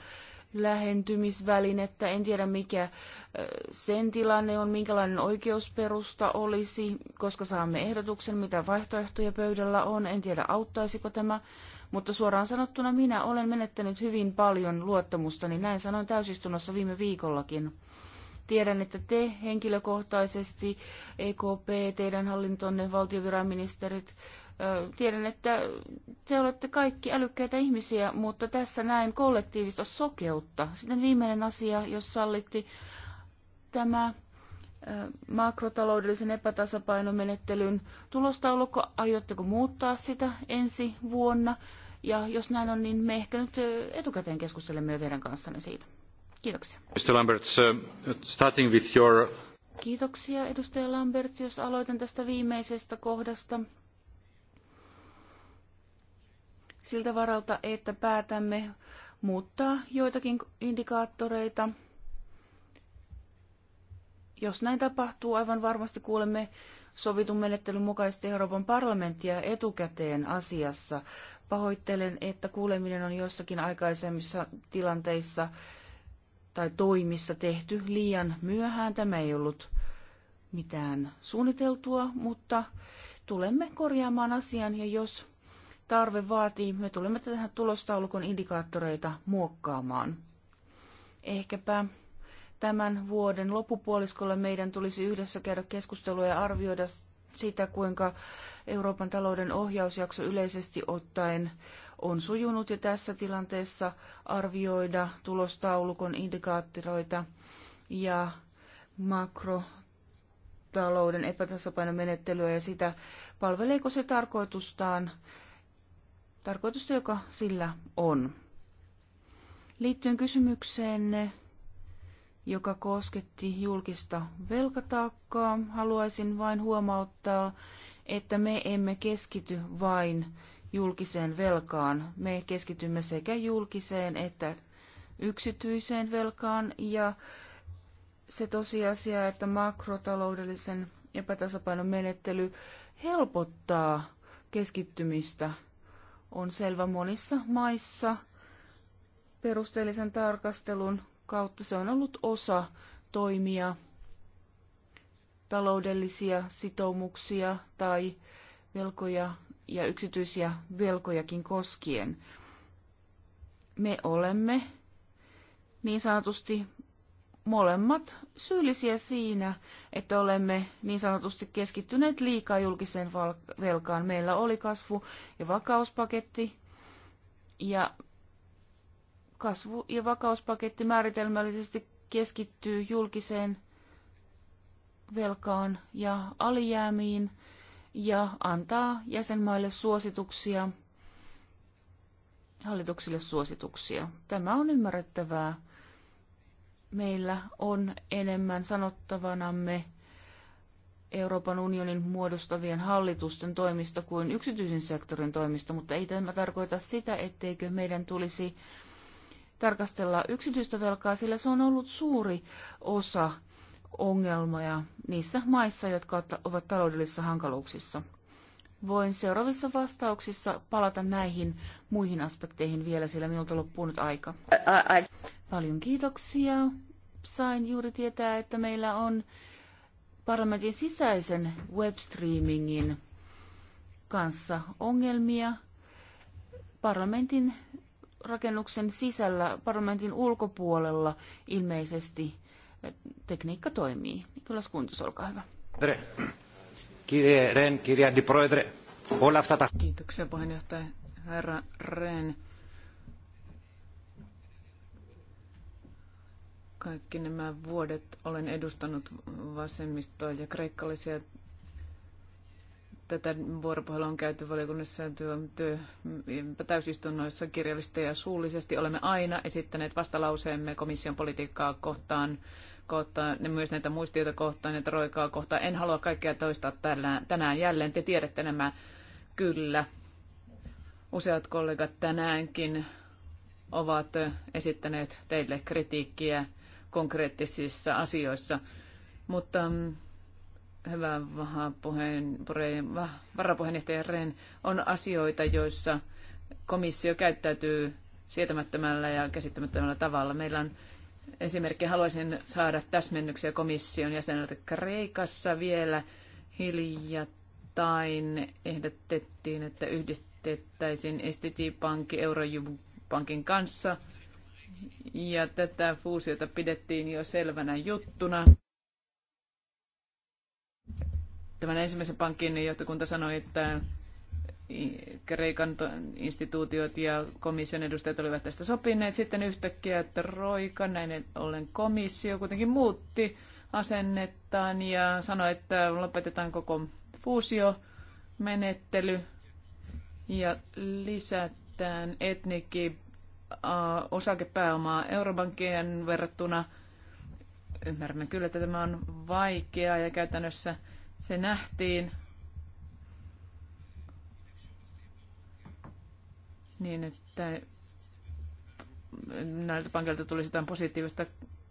lähentymisvälinettä. En tiedä mikä sen tilanne on, minkälainen oikeusperusta olisi, koska saamme ehdotuksen, mitä vaihtoehtoja pöydällä on. En tiedä, auttaisiko tämä. Mutta suoraan sanottuna minä olen menettänyt hyvin paljon luottamustani. Näin sanoin täysistunnossa viime viikollakin. Tiedän, että te henkilökohtaisesti, EKP, teidän hallintonne, valtiovirainministerit, Tiedän, että te olette kaikki älykkäitä ihmisiä, mutta tässä näen kollektiivista sokeutta. Sitten viimeinen asia, jos sallitti tämä makrotaloudellisen epätasapainomenettelyn tulostaulukko. Aiotteko muuttaa sitä ensi vuonna? Ja jos näin on, niin me ehkä nyt etukäteen keskustelemme jo teidän kanssanne siitä. Kiitoksia. Mr. Lambert, starting with your... Kiitoksia, edustaja Lambert, jos aloitan tästä viimeisestä kohdasta siltä varalta, että päätämme muuttaa joitakin indikaattoreita. Jos näin tapahtuu, aivan varmasti kuulemme sovitun menettelyn mukaisesti Euroopan parlamenttia etukäteen asiassa. Pahoittelen, että kuuleminen on jossakin aikaisemmissa tilanteissa tai toimissa tehty liian myöhään. Tämä ei ollut mitään suunniteltua, mutta tulemme korjaamaan asian ja jos tarve vaatii, me tulemme tähän tulostaulukon indikaattoreita muokkaamaan. Ehkäpä tämän vuoden loppupuoliskolla meidän tulisi yhdessä käydä keskustelua ja arvioida sitä, kuinka Euroopan talouden ohjausjakso yleisesti ottaen on sujunut ja tässä tilanteessa arvioida tulostaulukon indikaattoreita ja makrotalouden epätasapainomenettelyä ja sitä, palveleeko se tarkoitustaan tarkoitusta, joka sillä on. Liittyen kysymykseenne, joka kosketti julkista velkataakkaa, haluaisin vain huomauttaa, että me emme keskity vain julkiseen velkaan. Me keskitymme sekä julkiseen että yksityiseen velkaan ja se tosiasia, että makrotaloudellisen epätasapainon menettely helpottaa keskittymistä on selvä monissa maissa. Perusteellisen tarkastelun kautta se on ollut osa toimia, taloudellisia sitoumuksia tai velkoja ja yksityisiä velkojakin koskien. Me olemme niin sanotusti molemmat syyllisiä siinä, että olemme niin sanotusti keskittyneet liikaa julkiseen velkaan. Meillä oli kasvu- ja vakauspaketti, ja kasvu- ja vakauspaketti määritelmällisesti keskittyy julkiseen velkaan ja alijäämiin ja antaa jäsenmaille suosituksia, hallituksille suosituksia. Tämä on ymmärrettävää meillä on enemmän sanottavanamme Euroopan unionin muodostavien hallitusten toimista kuin yksityisen sektorin toimista, mutta ei tämä tarkoita sitä, etteikö meidän tulisi tarkastella yksityistä velkaa, sillä se on ollut suuri osa ongelmia niissä maissa, jotka ovat taloudellisissa hankaluuksissa. Voin seuraavissa vastauksissa palata näihin muihin aspekteihin vielä, sillä minulta loppuu nyt aika. Paljon kiitoksia sain juuri tietää, että meillä on parlamentin sisäisen webstreamingin kanssa ongelmia. Parlamentin rakennuksen sisällä, parlamentin ulkopuolella ilmeisesti tekniikka toimii. Nikolas Kuntus, olkaa hyvä. Kiitoksia puheenjohtaja herra Ren. Kaikki nämä vuodet olen edustanut vasemmistoa ja kreikkalaisia. Tätä vuoropuhelua on käyty valiokunnassa työ, työ, mm, täysistunnoissa kirjallisesti ja suullisesti. Olemme aina esittäneet vastalauseemme komission politiikkaa kohtaan, kohtaan ne myös näitä muistioita kohtaan ja roikaa kohtaan. En halua kaikkea toistaa tällään, tänään jälleen. Te tiedätte nämä kyllä. Useat kollegat tänäänkin ovat esittäneet teille kritiikkiä konkreettisissa asioissa. Mutta mm, hyvä varapuheenjohtaja Ren, on asioita, joissa komissio käyttäytyy sietämättömällä ja käsittämättömällä tavalla. Meillä on esimerkki, haluaisin saada täsmennyksiä komission jäseneltä Kreikassa vielä hiljattain ehdotettiin, että yhdistettäisiin STT-pankki eurojub pankin kanssa – ja tätä fuusiota pidettiin jo selvänä juttuna. Tämän ensimmäisen pankin johtokunta sanoi, että Kreikan instituutiot ja komission edustajat olivat tästä sopineet. Sitten yhtäkkiä Roika, näin ollen komissio, kuitenkin muutti asennettaan ja sanoi, että lopetetaan koko fuusiomenettely ja lisätään etnikin osakepääomaa Eurobankien verrattuna. Ymmärrämme kyllä, että tämä on vaikeaa ja käytännössä se nähtiin niin, että näiltä pankilta tuli jotain positiivista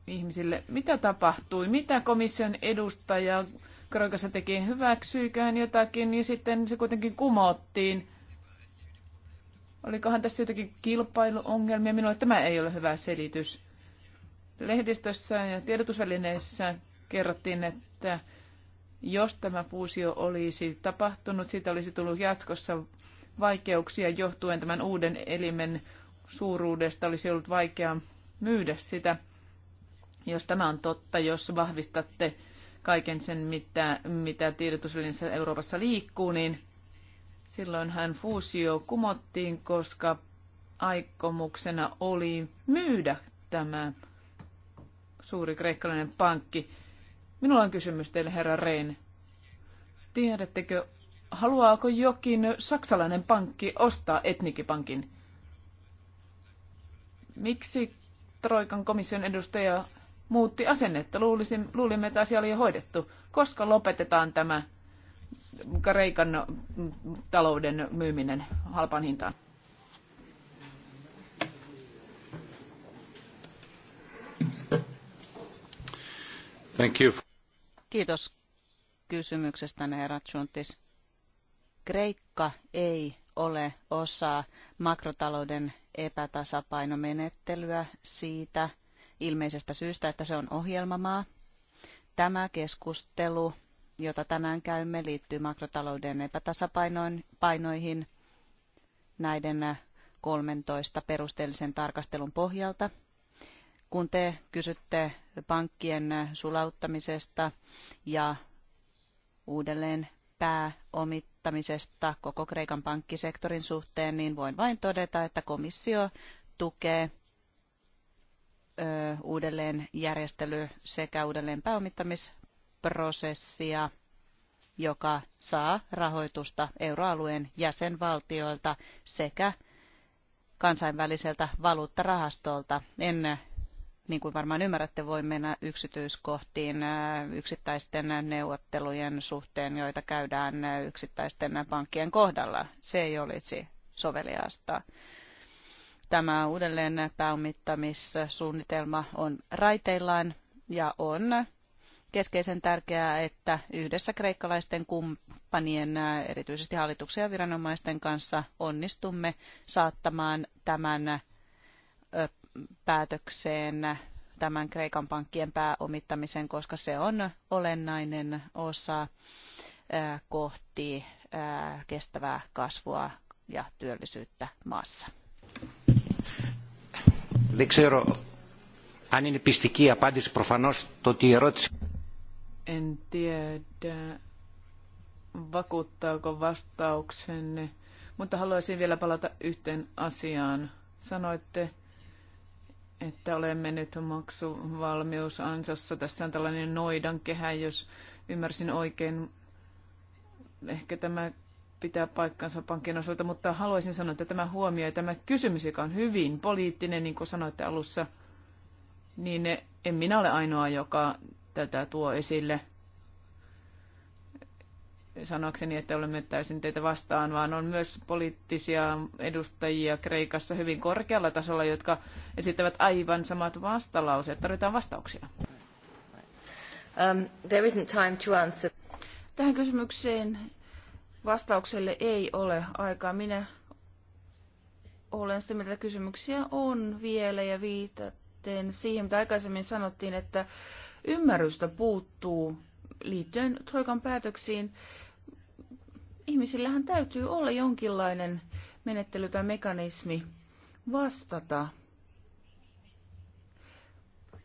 ihmisille. Mitä tapahtui? Mitä komission edustaja Kroikassa teki? Hyväksyikö hän jotakin? Ja sitten se kuitenkin kumottiin Olikohan tässä jotakin kilpailuongelmia? Minulle tämä ei ole hyvä selitys. Lehdistössä ja tiedotusvälineissä kerrottiin, että jos tämä fuusio olisi tapahtunut, siitä olisi tullut jatkossa vaikeuksia johtuen tämän uuden elimen suuruudesta. Olisi ollut vaikea myydä sitä, jos tämä on totta, jos vahvistatte kaiken sen, mitä, mitä tiedotusvälineissä Euroopassa liikkuu, niin Silloin hän fuusio kumottiin, koska aikomuksena oli myydä tämä suuri kreikkalainen pankki. Minulla on kysymys teille, herra Rein. Tiedättekö, haluaako jokin saksalainen pankki ostaa Etnikipankin? Miksi Troikan komission edustaja muutti asennetta? Luulisin, luulimme, että asia oli jo hoidettu. Koska lopetetaan tämä Kreikan mm, talouden myyminen halpaan hintaan? Thank you. Kiitos kysymyksestänne, herra Chuntis. Kreikka ei ole osa makrotalouden epätasapainomenettelyä siitä ilmeisestä syystä, että se on ohjelmamaa. Tämä keskustelu jota tänään käymme, liittyy makrotalouden epätasapainoihin näiden 13 perusteellisen tarkastelun pohjalta. Kun te kysytte pankkien sulauttamisesta ja uudelleen pääomittamisesta koko Kreikan pankkisektorin suhteen, niin voin vain todeta, että komissio tukee uudelleen järjestely sekä uudelleen pääomittamis prosessia, joka saa rahoitusta euroalueen jäsenvaltioilta sekä kansainväliseltä valuuttarahastolta. En, niin kuin varmaan ymmärrätte, voi mennä yksityiskohtiin äh, yksittäisten neuvottelujen suhteen, joita käydään äh, yksittäisten pankkien kohdalla. Se ei olisi soveliaasta. Tämä uudelleen pääomittamissuunnitelma on raiteillaan ja on keskeisen tärkeää, että yhdessä kreikkalaisten kumppanien, erityisesti hallituksen ja viranomaisten kanssa, onnistumme saattamaan tämän päätökseen tämän Kreikan pankkien pääomittamisen, koska se on olennainen osa kohti kestävää kasvua ja työllisyyttä maassa. Δεν ξέρω αν είναι πιστική απάντηση προφανώς το ότι η ερώτηση... En tiedä, vakuuttaako vastauksenne, mutta haluaisin vielä palata yhteen asiaan. Sanoitte, että olemme nyt maksuvalmiusansassa. Tässä on tällainen noidankehä, jos ymmärsin oikein. Ehkä tämä pitää paikkansa pankin osalta, mutta haluaisin sanoa, että tämä huomio ja tämä kysymys, joka on hyvin poliittinen, niin kuin sanoitte alussa, niin en minä ole ainoa, joka tätä tuo esille sanokseni, että olemme täysin teitä vastaan, vaan on myös poliittisia edustajia Kreikassa hyvin korkealla tasolla, jotka esittävät aivan samat vastalauseet. Tarvitaan vastauksia. Um, there isn't time to answer. Tähän kysymykseen vastaukselle ei ole aikaa. Minä olen sitä mitä kysymyksiä on vielä ja viitaten siihen, mitä aikaisemmin sanottiin, että ymmärrystä puuttuu liittyen Troikan päätöksiin. Ihmisillähän täytyy olla jonkinlainen menettely tai mekanismi vastata.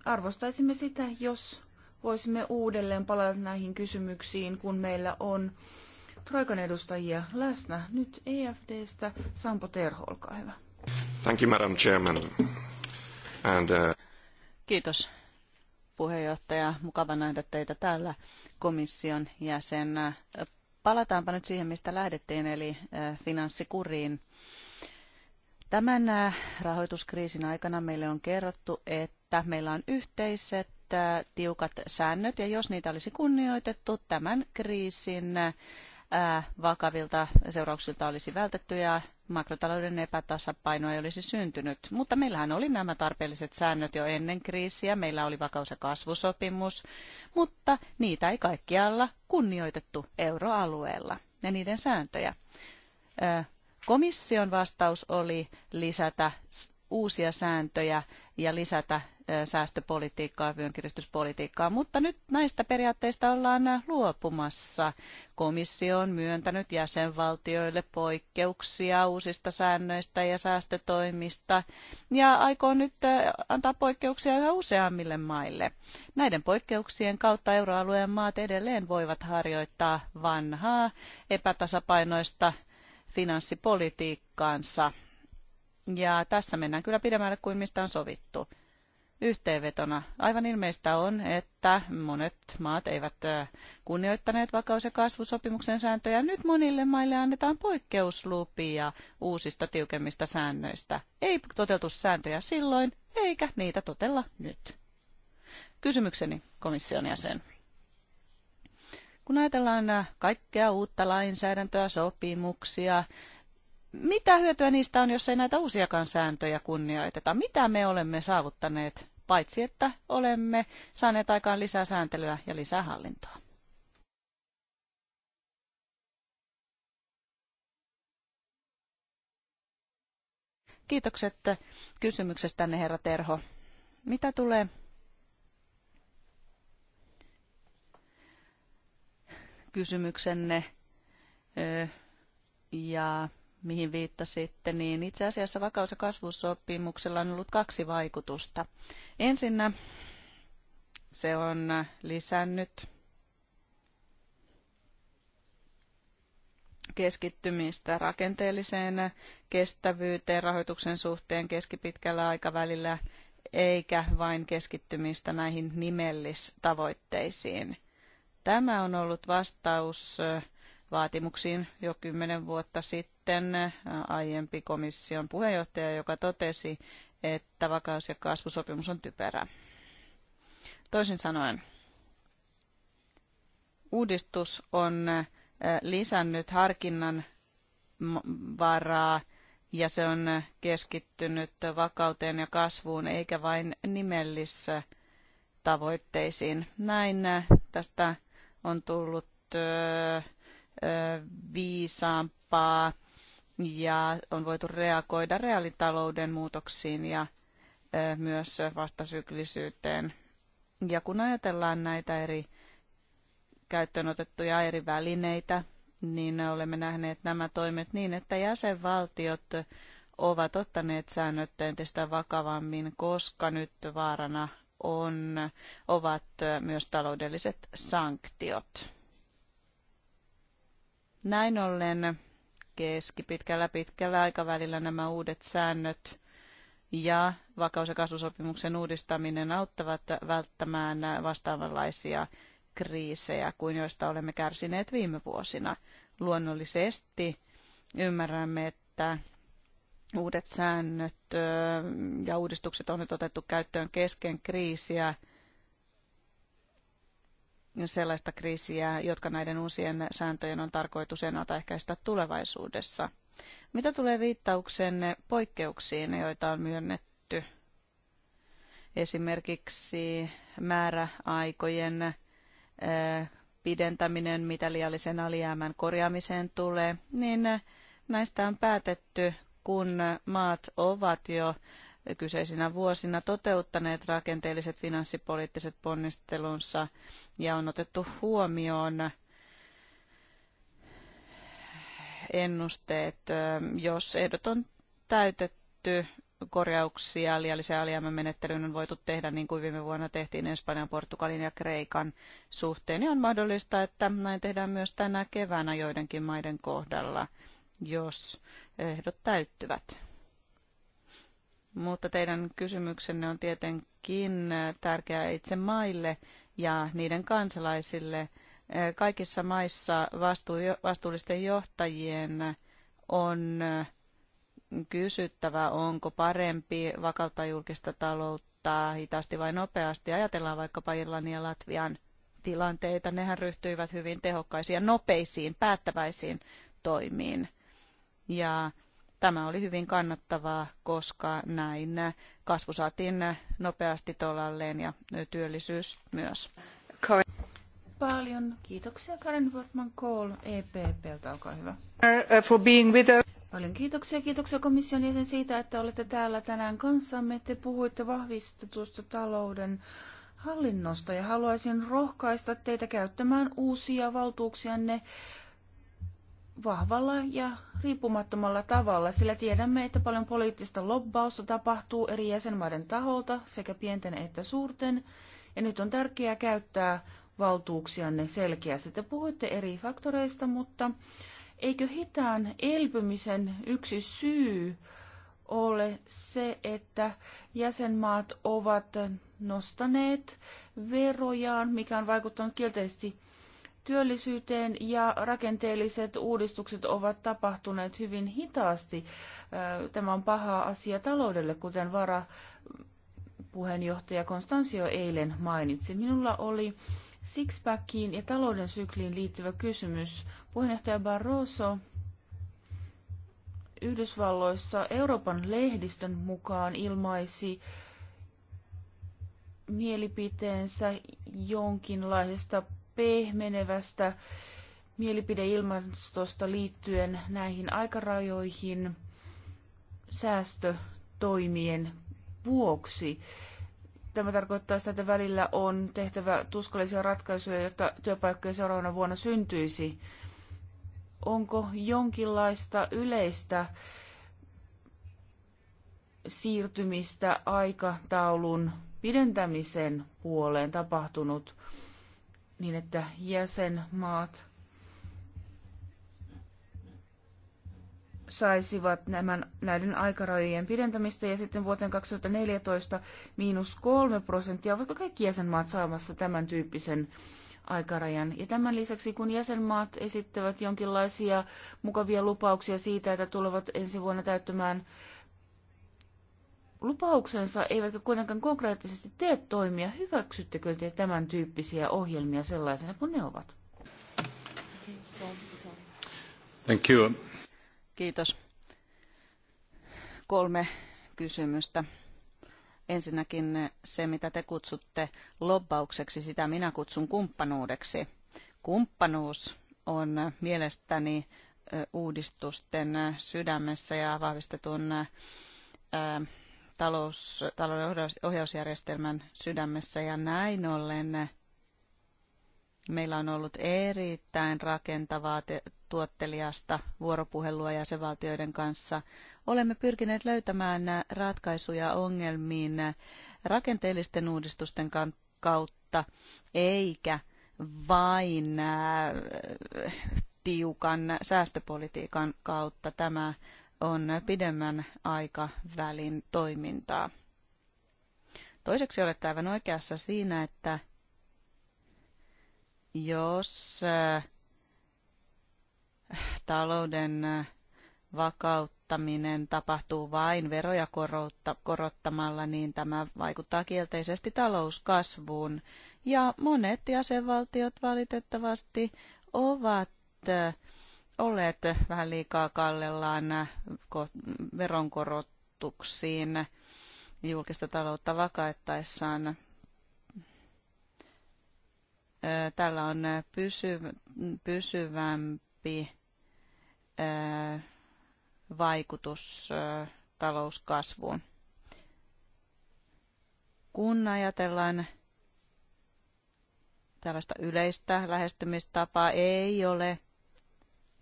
Arvostaisimme sitä, jos voisimme uudelleen palata näihin kysymyksiin, kun meillä on Troikan edustajia läsnä. Nyt EFDstä Sampo Terho, olkaa hyvä. Thank you, Madam Chairman. And, uh... Kiitos puheenjohtaja. Mukava nähdä teitä täällä komission jäsenä. Palataanpa nyt siihen, mistä lähdettiin, eli äh, finanssikuriin. Tämän äh, rahoituskriisin aikana meille on kerrottu, että meillä on yhteiset äh, tiukat säännöt, ja jos niitä olisi kunnioitettu, tämän kriisin vakavilta seurauksilta olisi vältetty ja makrotalouden epätasapaino ei olisi syntynyt. Mutta meillähän oli nämä tarpeelliset säännöt jo ennen kriisiä, meillä oli vakaus- ja kasvusopimus, mutta niitä ei kaikkialla kunnioitettu euroalueella ja niiden sääntöjä. Komission vastaus oli lisätä uusia sääntöjä ja lisätä säästöpolitiikkaa, vyönkiristyspolitiikkaa, mutta nyt näistä periaatteista ollaan luopumassa. Komissio on myöntänyt jäsenvaltioille poikkeuksia uusista säännöistä ja säästötoimista ja aikoo nyt antaa poikkeuksia yhä useammille maille. Näiden poikkeuksien kautta euroalueen maat edelleen voivat harjoittaa vanhaa epätasapainoista finanssipolitiikkaansa. Ja tässä mennään kyllä pidemmälle kuin mistä on sovittu. Yhteenvetona aivan ilmeistä on, että monet maat eivät kunnioittaneet vakaus- ja kasvusopimuksen sääntöjä. Nyt monille maille annetaan poikkeuslupia uusista tiukemmista säännöistä. Ei toteutu sääntöjä silloin, eikä niitä totella nyt. Kysymykseni komission jäsen. Kun ajatellaan kaikkea uutta lainsäädäntöä, sopimuksia, mitä hyötyä niistä on, jos ei näitä uusiakaan sääntöjä kunnioiteta? Mitä me olemme saavuttaneet, paitsi että olemme saaneet aikaan lisää sääntelyä ja lisää hallintoa? Kiitokset kysymyksestänne, herra Terho. Mitä tulee kysymyksenne ja mihin viittasitte, niin itse asiassa vakaus- ja kasvusopimuksella on ollut kaksi vaikutusta. Ensinnä se on lisännyt keskittymistä rakenteelliseen kestävyyteen rahoituksen suhteen keskipitkällä aikavälillä, eikä vain keskittymistä näihin nimellistavoitteisiin. Tämä on ollut vastaus vaatimuksiin jo kymmenen vuotta sitten aiempi komission puheenjohtaja, joka totesi, että vakaus- ja kasvusopimus on typerä. Toisin sanoen, uudistus on eh, lisännyt harkinnan varaa ja se on keskittynyt vakauteen ja kasvuun eikä vain nimellissä tavoitteisiin. Näin eh, tästä on tullut eh, viisaampaa ja on voitu reagoida reaalitalouden muutoksiin ja myös vastasyklisyyteen. Ja kun ajatellaan näitä eri käyttöön otettuja eri välineitä, niin olemme nähneet nämä toimet niin, että jäsenvaltiot ovat ottaneet säännöt entistä vakavammin, koska nyt vaarana on, ovat myös taloudelliset sanktiot. Näin ollen keskipitkällä pitkällä aikavälillä nämä uudet säännöt ja vakaus- ja kasvusopimuksen uudistaminen auttavat välttämään vastaavanlaisia kriisejä kuin joista olemme kärsineet viime vuosina. Luonnollisesti ymmärrämme, että uudet säännöt ja uudistukset on nyt otettu käyttöön kesken kriisiä – sellaista kriisiä, jotka näiden uusien sääntöjen on tarkoitus ennaltaehkäistä tulevaisuudessa. Mitä tulee viittauksen poikkeuksiin, joita on myönnetty? Esimerkiksi määräaikojen eh, pidentäminen, mitä liiallisen alijäämän korjaamiseen tulee, niin eh, näistä on päätetty, kun maat ovat jo kyseisinä vuosina toteuttaneet rakenteelliset finanssipoliittiset ponnistelunsa ja on otettu huomioon ennusteet, jos ehdot on täytetty, korjauksia liiallisen alijäämän menettelyyn on voitu tehdä niin kuin viime vuonna tehtiin Espanjan, Portugalin ja Kreikan suhteen. Niin on mahdollista, että näin tehdään myös tänä keväänä joidenkin maiden kohdalla, jos ehdot täyttyvät mutta teidän kysymyksenne on tietenkin tärkeä itse maille ja niiden kansalaisille. Kaikissa maissa vastuullisten johtajien on kysyttävä, onko parempi vakauttaa julkista taloutta hitaasti vai nopeasti. Ajatellaan vaikkapa Irlannin ja Latvian tilanteita. Nehän ryhtyivät hyvin tehokkaisiin ja nopeisiin, päättäväisiin toimiin. Ja Tämä oli hyvin kannattavaa, koska näin kasvu saatiin nopeasti tolalleen ja työllisyys myös. Paljon kiitoksia Karen Wortman Kohl EPPltä, olkaa hyvä. Uh, for being with us. Paljon kiitoksia. Kiitoksia komission jäsen siitä, että olette täällä tänään kanssamme. Te puhuitte vahvistetusta talouden hallinnosta ja haluaisin rohkaista teitä käyttämään uusia valtuuksianne vahvalla ja riippumattomalla tavalla, sillä tiedämme, että paljon poliittista lobbausta tapahtuu eri jäsenmaiden taholta, sekä pienten että suurten, ja nyt on tärkeää käyttää valtuuksianne selkeästi. Te puhuitte eri faktoreista, mutta eikö hitaan elpymisen yksi syy ole se, että jäsenmaat ovat nostaneet verojaan, mikä on vaikuttanut kielteisesti työllisyyteen ja rakenteelliset uudistukset ovat tapahtuneet hyvin hitaasti. Tämä on paha asia taloudelle, kuten vara puheenjohtaja Konstansio eilen mainitsi. Minulla oli sixpackiin ja talouden sykliin liittyvä kysymys. Puheenjohtaja Barroso Yhdysvalloissa Euroopan lehdistön mukaan ilmaisi mielipiteensä jonkinlaisesta pehmenevästä mielipideilmastosta liittyen näihin aikarajoihin säästötoimien vuoksi. Tämä tarkoittaa sitä, että välillä on tehtävä tuskallisia ratkaisuja, jotta työpaikkoja seuraavana vuonna syntyisi. Onko jonkinlaista yleistä siirtymistä aikataulun pidentämisen puoleen tapahtunut? niin, että jäsenmaat saisivat nämän, näiden aikarajojen pidentämistä ja sitten vuoteen 2014 miinus kolme prosenttia. Ovatko kaikki jäsenmaat saamassa tämän tyyppisen aikarajan? Ja tämän lisäksi, kun jäsenmaat esittävät jonkinlaisia mukavia lupauksia siitä, että tulevat ensi vuonna täyttämään lupauksensa, eivätkä kuitenkaan konkreettisesti tee toimia. Hyväksyttekö te tämän tyyppisiä ohjelmia sellaisena kuin ne ovat? Thank you. Kiitos. Kolme kysymystä. Ensinnäkin se, mitä te kutsutte lobbaukseksi, sitä minä kutsun kumppanuudeksi. Kumppanuus on mielestäni uudistusten sydämessä ja vahvistetun talous, talouden ohjausjärjestelmän sydämessä ja näin ollen meillä on ollut erittäin rakentavaa te- tuottelijasta vuoropuhelua jäsenvaltioiden kanssa. Olemme pyrkineet löytämään ratkaisuja ongelmiin rakenteellisten uudistusten kautta, eikä vain äh, tiukan säästöpolitiikan kautta. Tämä on pidemmän aikavälin toimintaa. Toiseksi olet aivan oikeassa siinä, että jos äh, talouden äh, vakauttaminen tapahtuu vain veroja korottamalla, niin tämä vaikuttaa kielteisesti talouskasvuun. Ja monet jäsenvaltiot valitettavasti ovat äh, olleet vähän liikaa kallellaan veronkorotuksiin julkista taloutta vakaittaessaan. Tällä on pysyvämpi vaikutus talouskasvuun. Kun ajatellaan tällaista yleistä lähestymistapaa, ei ole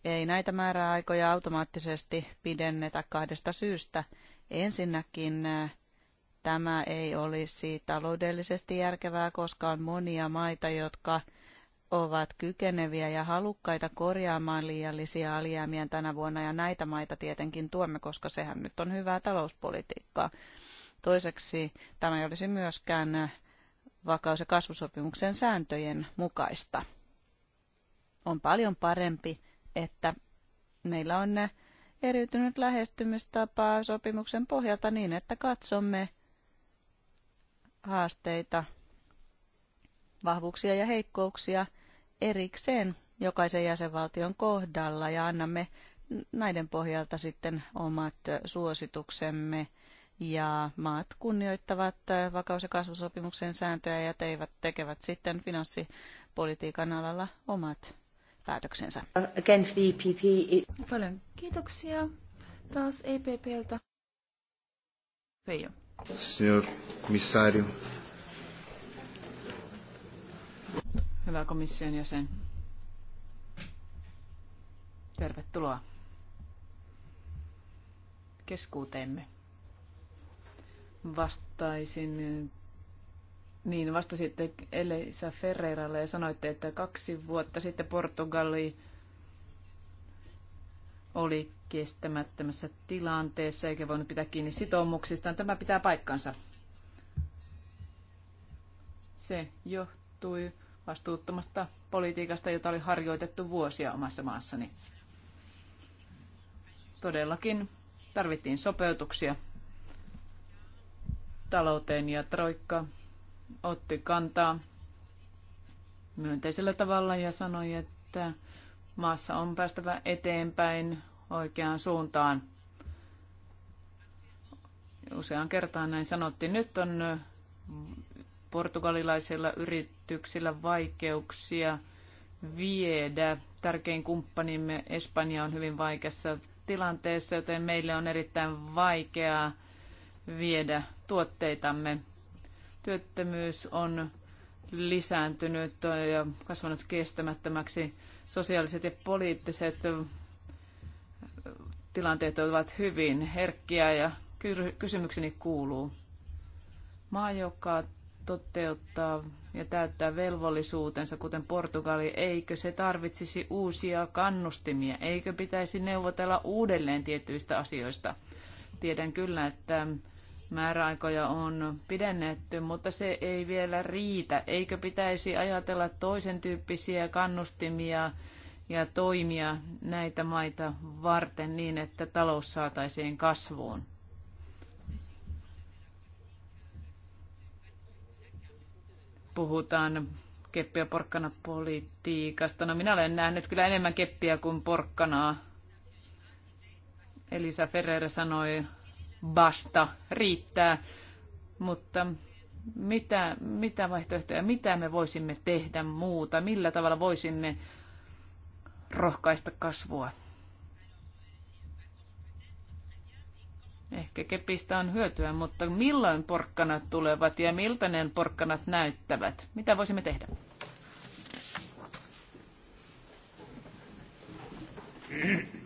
ei näitä määräaikoja automaattisesti pidennetä kahdesta syystä. Ensinnäkin äh, tämä ei olisi taloudellisesti järkevää, koska on monia maita, jotka ovat kykeneviä ja halukkaita korjaamaan liiallisia alijäämiä tänä vuonna, ja näitä maita tietenkin tuemme, koska sehän nyt on hyvää talouspolitiikkaa. Toiseksi tämä ei olisi myöskään äh, vakaus- ja kasvusopimuksen sääntöjen mukaista. On paljon parempi että meillä on ne eriytynyt lähestymistapa sopimuksen pohjalta niin, että katsomme haasteita, vahvuuksia ja heikkouksia erikseen jokaisen jäsenvaltion kohdalla ja annamme näiden pohjalta sitten omat suosituksemme ja maat kunnioittavat vakaus- ja kasvusopimuksen sääntöjä ja teivät, tekevät sitten finanssipolitiikan alalla omat päätöksensä. Against the EPP. Paljon kiitoksia taas EPPltä. Veijo. Signor Commissario. Hyvä komission jäsen. Tervetuloa keskuuteemme. Vastaisin niin, vastasitte Elisa Ferreiralle ja sanoitte, että kaksi vuotta sitten Portugali oli kestämättömässä tilanteessa eikä voinut pitää kiinni sitoumuksistaan. Tämä pitää paikkansa. Se johtui vastuuttomasta politiikasta, jota oli harjoitettu vuosia omassa maassani. Todellakin tarvittiin sopeutuksia talouteen ja troikka otti kantaa myönteisellä tavalla ja sanoi, että maassa on päästävä eteenpäin oikeaan suuntaan. usean kertaan näin sanottiin. Nyt on portugalilaisilla yrityksillä vaikeuksia viedä. Tärkein kumppanimme Espanja on hyvin vaikeassa tilanteessa, joten meille on erittäin vaikeaa viedä tuotteitamme Työttömyys on lisääntynyt ja kasvanut kestämättömäksi. Sosiaaliset ja poliittiset tilanteet ovat hyvin herkkiä ja kysymykseni kuuluu. Maa, joka toteuttaa ja täyttää velvollisuutensa, kuten Portugali, eikö se tarvitsisi uusia kannustimia? Eikö pitäisi neuvotella uudelleen tietyistä asioista? Tiedän kyllä, että määräaikoja on pidennetty, mutta se ei vielä riitä. Eikö pitäisi ajatella toisen tyyppisiä kannustimia ja toimia näitä maita varten niin, että talous saataisiin kasvuun? Puhutaan keppiä porkkana politiikasta. No minä olen nähnyt kyllä enemmän keppiä kuin porkkanaa. Elisa Ferreira sanoi basta, riittää. Mutta mitä, mitä vaihtoehtoja, mitä me voisimme tehdä muuta, millä tavalla voisimme rohkaista kasvua? Ehkä kepistä on hyötyä, mutta milloin porkkanat tulevat ja miltä ne porkkanat näyttävät? Mitä voisimme tehdä?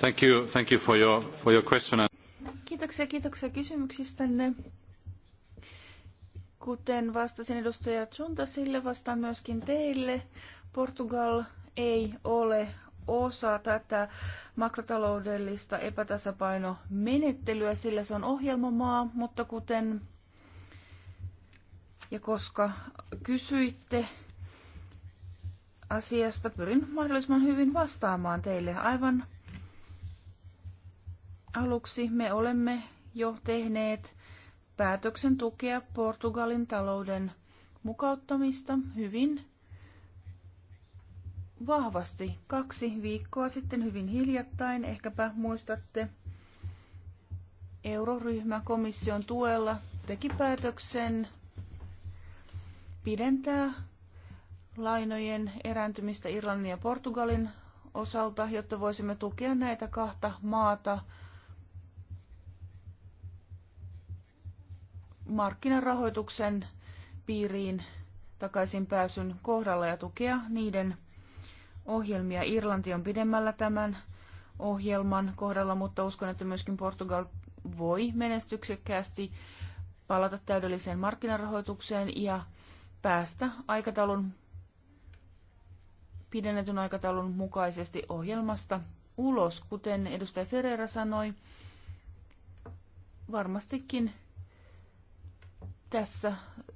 Thank you, thank you for your, question. Kiitoksia, kiitoksia kysymyksistänne. Kuten vastasin edustaja Chuntasille, vastaan myöskin teille. Portugal ei ole osa tätä makrotaloudellista epätasapainomenettelyä, sillä se on ohjelmamaa, mutta kuten ja koska kysyitte asiasta, pyrin mahdollisimman hyvin vastaamaan teille aivan Aluksi me olemme jo tehneet päätöksen tukea Portugalin talouden mukauttamista hyvin vahvasti kaksi viikkoa sitten hyvin hiljattain. Ehkäpä muistatte, euroryhmä komission tuella teki päätöksen pidentää lainojen erääntymistä Irlannin ja Portugalin osalta, jotta voisimme tukea näitä kahta maata – markkinarahoituksen piiriin takaisin pääsyn kohdalla ja tukea niiden ohjelmia. Irlanti on pidemmällä tämän ohjelman kohdalla, mutta uskon, että myöskin Portugal voi menestyksekkäästi palata täydelliseen markkinarahoitukseen ja päästä aikataulun pidennetyn aikataulun mukaisesti ohjelmasta ulos. Kuten edustaja Ferreira sanoi, varmastikin tässä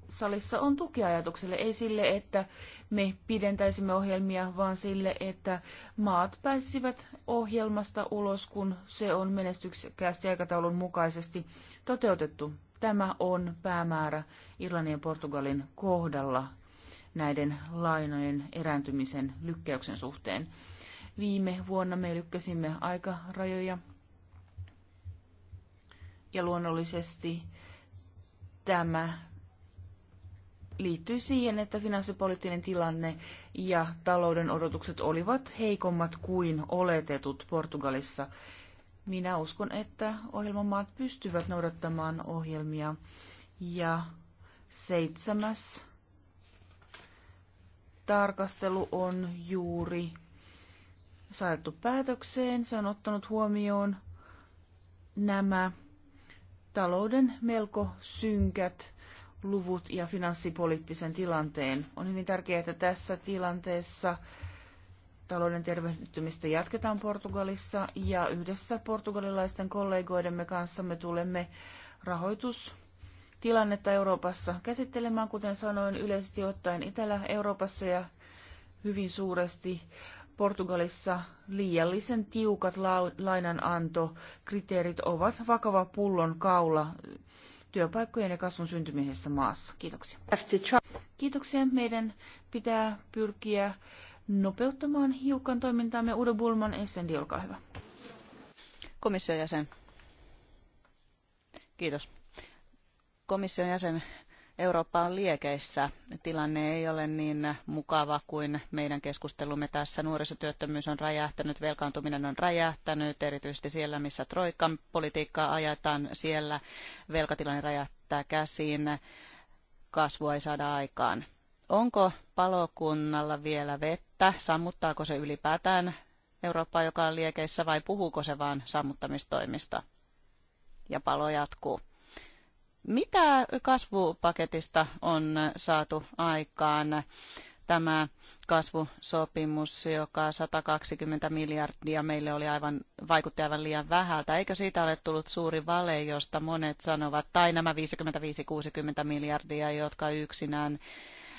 salissa on tukiajatukselle. Ei sille, että me pidentäisimme ohjelmia, vaan sille, että maat pääsisivät ohjelmasta ulos, kun se on menestyksekkäästi aikataulun mukaisesti toteutettu. Tämä on päämäärä Irlannin ja Portugalin kohdalla näiden lainojen erääntymisen lykkäyksen suhteen. Viime vuonna me lykkäsimme aikarajoja ja luonnollisesti tämä liittyy siihen, että finanssipoliittinen tilanne ja talouden odotukset olivat heikommat kuin oletetut Portugalissa. Minä uskon, että ohjelmamaat pystyvät noudattamaan ohjelmia ja seitsemäs tarkastelu on juuri saatu päätökseen. Se on ottanut huomioon nämä talouden melko synkät luvut ja finanssipoliittisen tilanteen. On hyvin tärkeää, että tässä tilanteessa talouden tervehtymistä jatketaan Portugalissa ja yhdessä portugalilaisten kollegoidemme kanssa me tulemme rahoitus tilannetta Euroopassa käsittelemään, kuten sanoin, yleisesti ottaen Itälä-Euroopassa ja hyvin suuresti Portugalissa liiallisen tiukat lainanantokriteerit ovat vakava pullon kaula työpaikkojen ja kasvun syntymisessä maassa. Kiitoksia. Kiitoksia. Meidän pitää pyrkiä nopeuttamaan hiukan toimintaamme. Udo Bulman, SND, olkaa hyvä. Komission jäsen. Kiitos. Komission jäsen, Eurooppa on liekeissä. Tilanne ei ole niin mukava kuin meidän keskustelumme tässä. Nuorisotyöttömyys on räjähtänyt, velkaantuminen on räjähtänyt, erityisesti siellä, missä Troikan politiikkaa ajetaan, siellä velkatilanne räjähtää käsiin, kasvua ei saada aikaan. Onko palokunnalla vielä vettä? Sammuttaako se ylipäätään Eurooppaa, joka on liekeissä, vai puhuuko se vain sammuttamistoimista? Ja palo jatkuu. Mitä kasvupaketista on saatu aikaan? Tämä kasvusopimus, joka 120 miljardia meille oli aivan, vaikutti aivan liian vähältä. Eikö siitä ole tullut suuri vale, josta monet sanovat, tai nämä 55-60 miljardia, jotka yksinään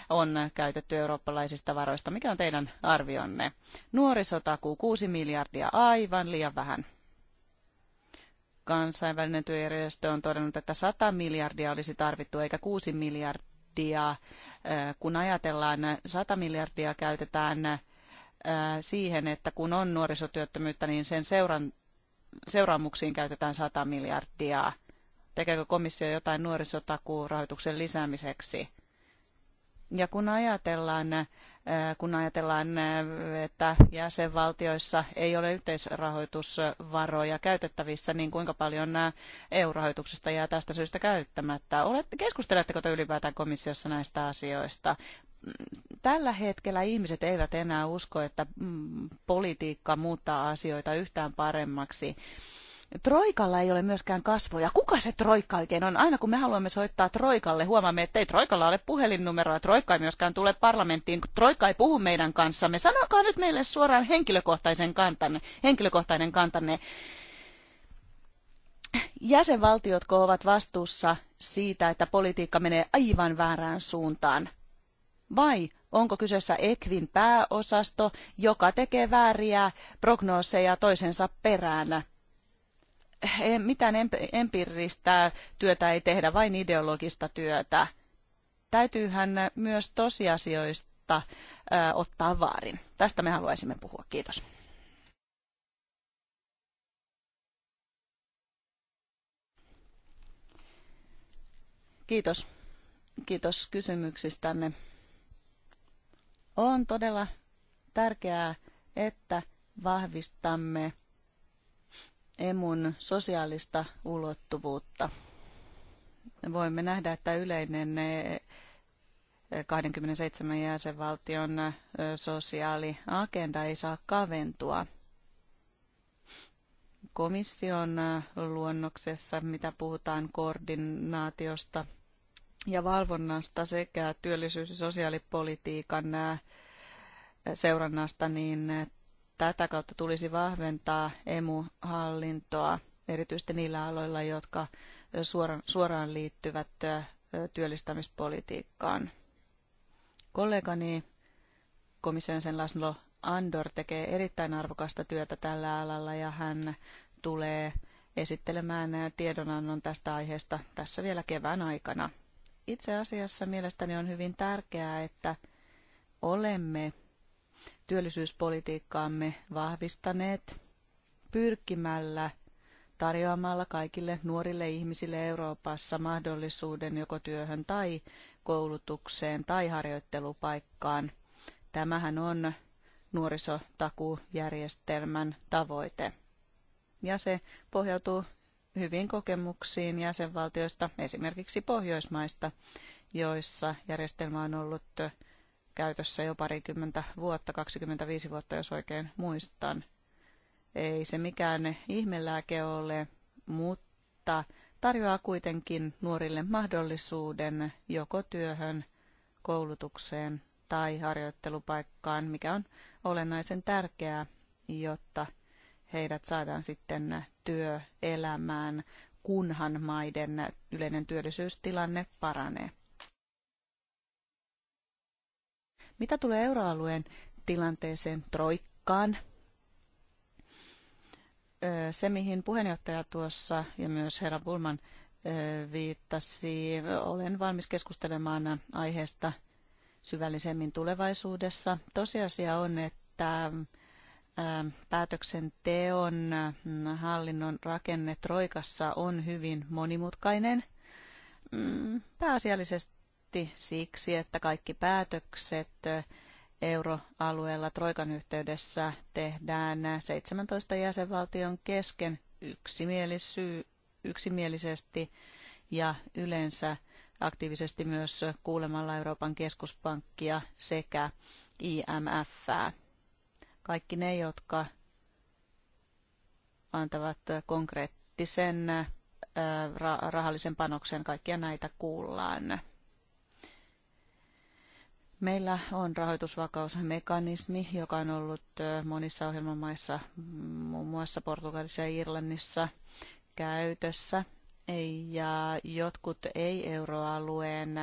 on käytetty eurooppalaisista varoista. Mikä on teidän arvionne? Nuorisotakuu 6 miljardia, aivan liian vähän. Kansainvälinen työjärjestö on todennut, että 100 miljardia olisi tarvittu eikä 6 miljardia. Äh, kun ajatellaan, 100 miljardia käytetään äh, siihen, että kun on nuorisotyöttömyyttä, niin sen seuran, seuraamuksiin käytetään 100 miljardia. Tekeekö komissio jotain nuorisotakuurahoituksen lisäämiseksi? Ja kun ajatellaan Äh, kun ajatellaan, äh, että jäsenvaltioissa ei ole yhteisrahoitusvaroja käytettävissä, niin kuinka paljon äh, EU-rahoituksesta jää tästä syystä käyttämättä? Olette, keskusteletteko te ylipäätään komissiossa näistä asioista? Mm, tällä hetkellä ihmiset eivät enää usko, että mm, politiikka muuttaa asioita yhtään paremmaksi. Troikalla ei ole myöskään kasvoja. Kuka se Troikka oikein on? Aina kun me haluamme soittaa Troikalle, huomaamme, että ei Troikalla ole puhelinnumeroa. Troikka ei myöskään tule parlamenttiin. Troikka ei puhu meidän kanssamme. Sanokaa nyt meille suoraan henkilökohtaisen kantanne, henkilökohtainen kantanne. Jäsenvaltiotko ovat vastuussa siitä, että politiikka menee aivan väärään suuntaan? Vai onko kyseessä ekvin pääosasto, joka tekee vääriä prognooseja toisensa peräänä? mitään empiiristä työtä ei tehdä, vain ideologista työtä. Täytyyhän myös tosiasioista ottaa vaarin. Tästä me haluaisimme puhua. Kiitos. Kiitos. Kiitos kysymyksistänne. On todella tärkeää, että vahvistamme emun sosiaalista ulottuvuutta. Voimme nähdä, että yleinen 27 e, jäsenvaltion e, sosiaaliagenda ei saa kaventua. Komission e, luonnoksessa, mitä puhutaan koordinaatiosta ja valvonnasta sekä työllisyys- ja sosiaalipolitiikan seurannasta, niin tätä kautta tulisi vahventaa emu-hallintoa, erityisesti niillä aloilla, jotka suoraan, suoraan liittyvät työllistämispolitiikkaan. Kollegani komission sen Laszlo Andor tekee erittäin arvokasta työtä tällä alalla ja hän tulee esittelemään tiedonannon tästä aiheesta tässä vielä kevään aikana. Itse asiassa mielestäni on hyvin tärkeää, että olemme työllisyyspolitiikkaamme vahvistaneet pyrkimällä tarjoamalla kaikille nuorille ihmisille Euroopassa mahdollisuuden joko työhön tai koulutukseen tai harjoittelupaikkaan. Tämähän on nuorisotakujärjestelmän tavoite. Ja se pohjautuu hyvin kokemuksiin jäsenvaltioista, esimerkiksi Pohjoismaista, joissa järjestelmä on ollut käytössä jo parikymmentä vuotta, 25 vuotta jos oikein muistan. Ei se mikään ihmelääke ole, mutta tarjoaa kuitenkin nuorille mahdollisuuden joko työhön, koulutukseen tai harjoittelupaikkaan, mikä on olennaisen tärkeää, jotta heidät saadaan sitten työelämään, kunhan maiden yleinen työllisyystilanne paranee. Mitä tulee euroalueen tilanteeseen troikkaan? Se, mihin puheenjohtaja tuossa ja myös herra Bulman viittasi, olen valmis keskustelemaan aiheesta syvällisemmin tulevaisuudessa. Tosiasia on, että päätöksenteon mm, hallinnon rakenne Troikassa on hyvin monimutkainen. Mm, pääasiallisesti johti siksi, että kaikki päätökset euroalueella Troikan yhteydessä tehdään 17 jäsenvaltion kesken yksimielisesti ja yleensä aktiivisesti myös kuulemalla Euroopan keskuspankkia sekä IMF:ää. Kaikki ne, jotka antavat konkreettisen rahallisen panoksen, kaikkia näitä kuullaan. Meillä on rahoitusvakausmekanismi, joka on ollut monissa ohjelmamaissa, mm, muun muassa Portugalissa ja Irlannissa käytössä. Ja jotkut ei-euroalueen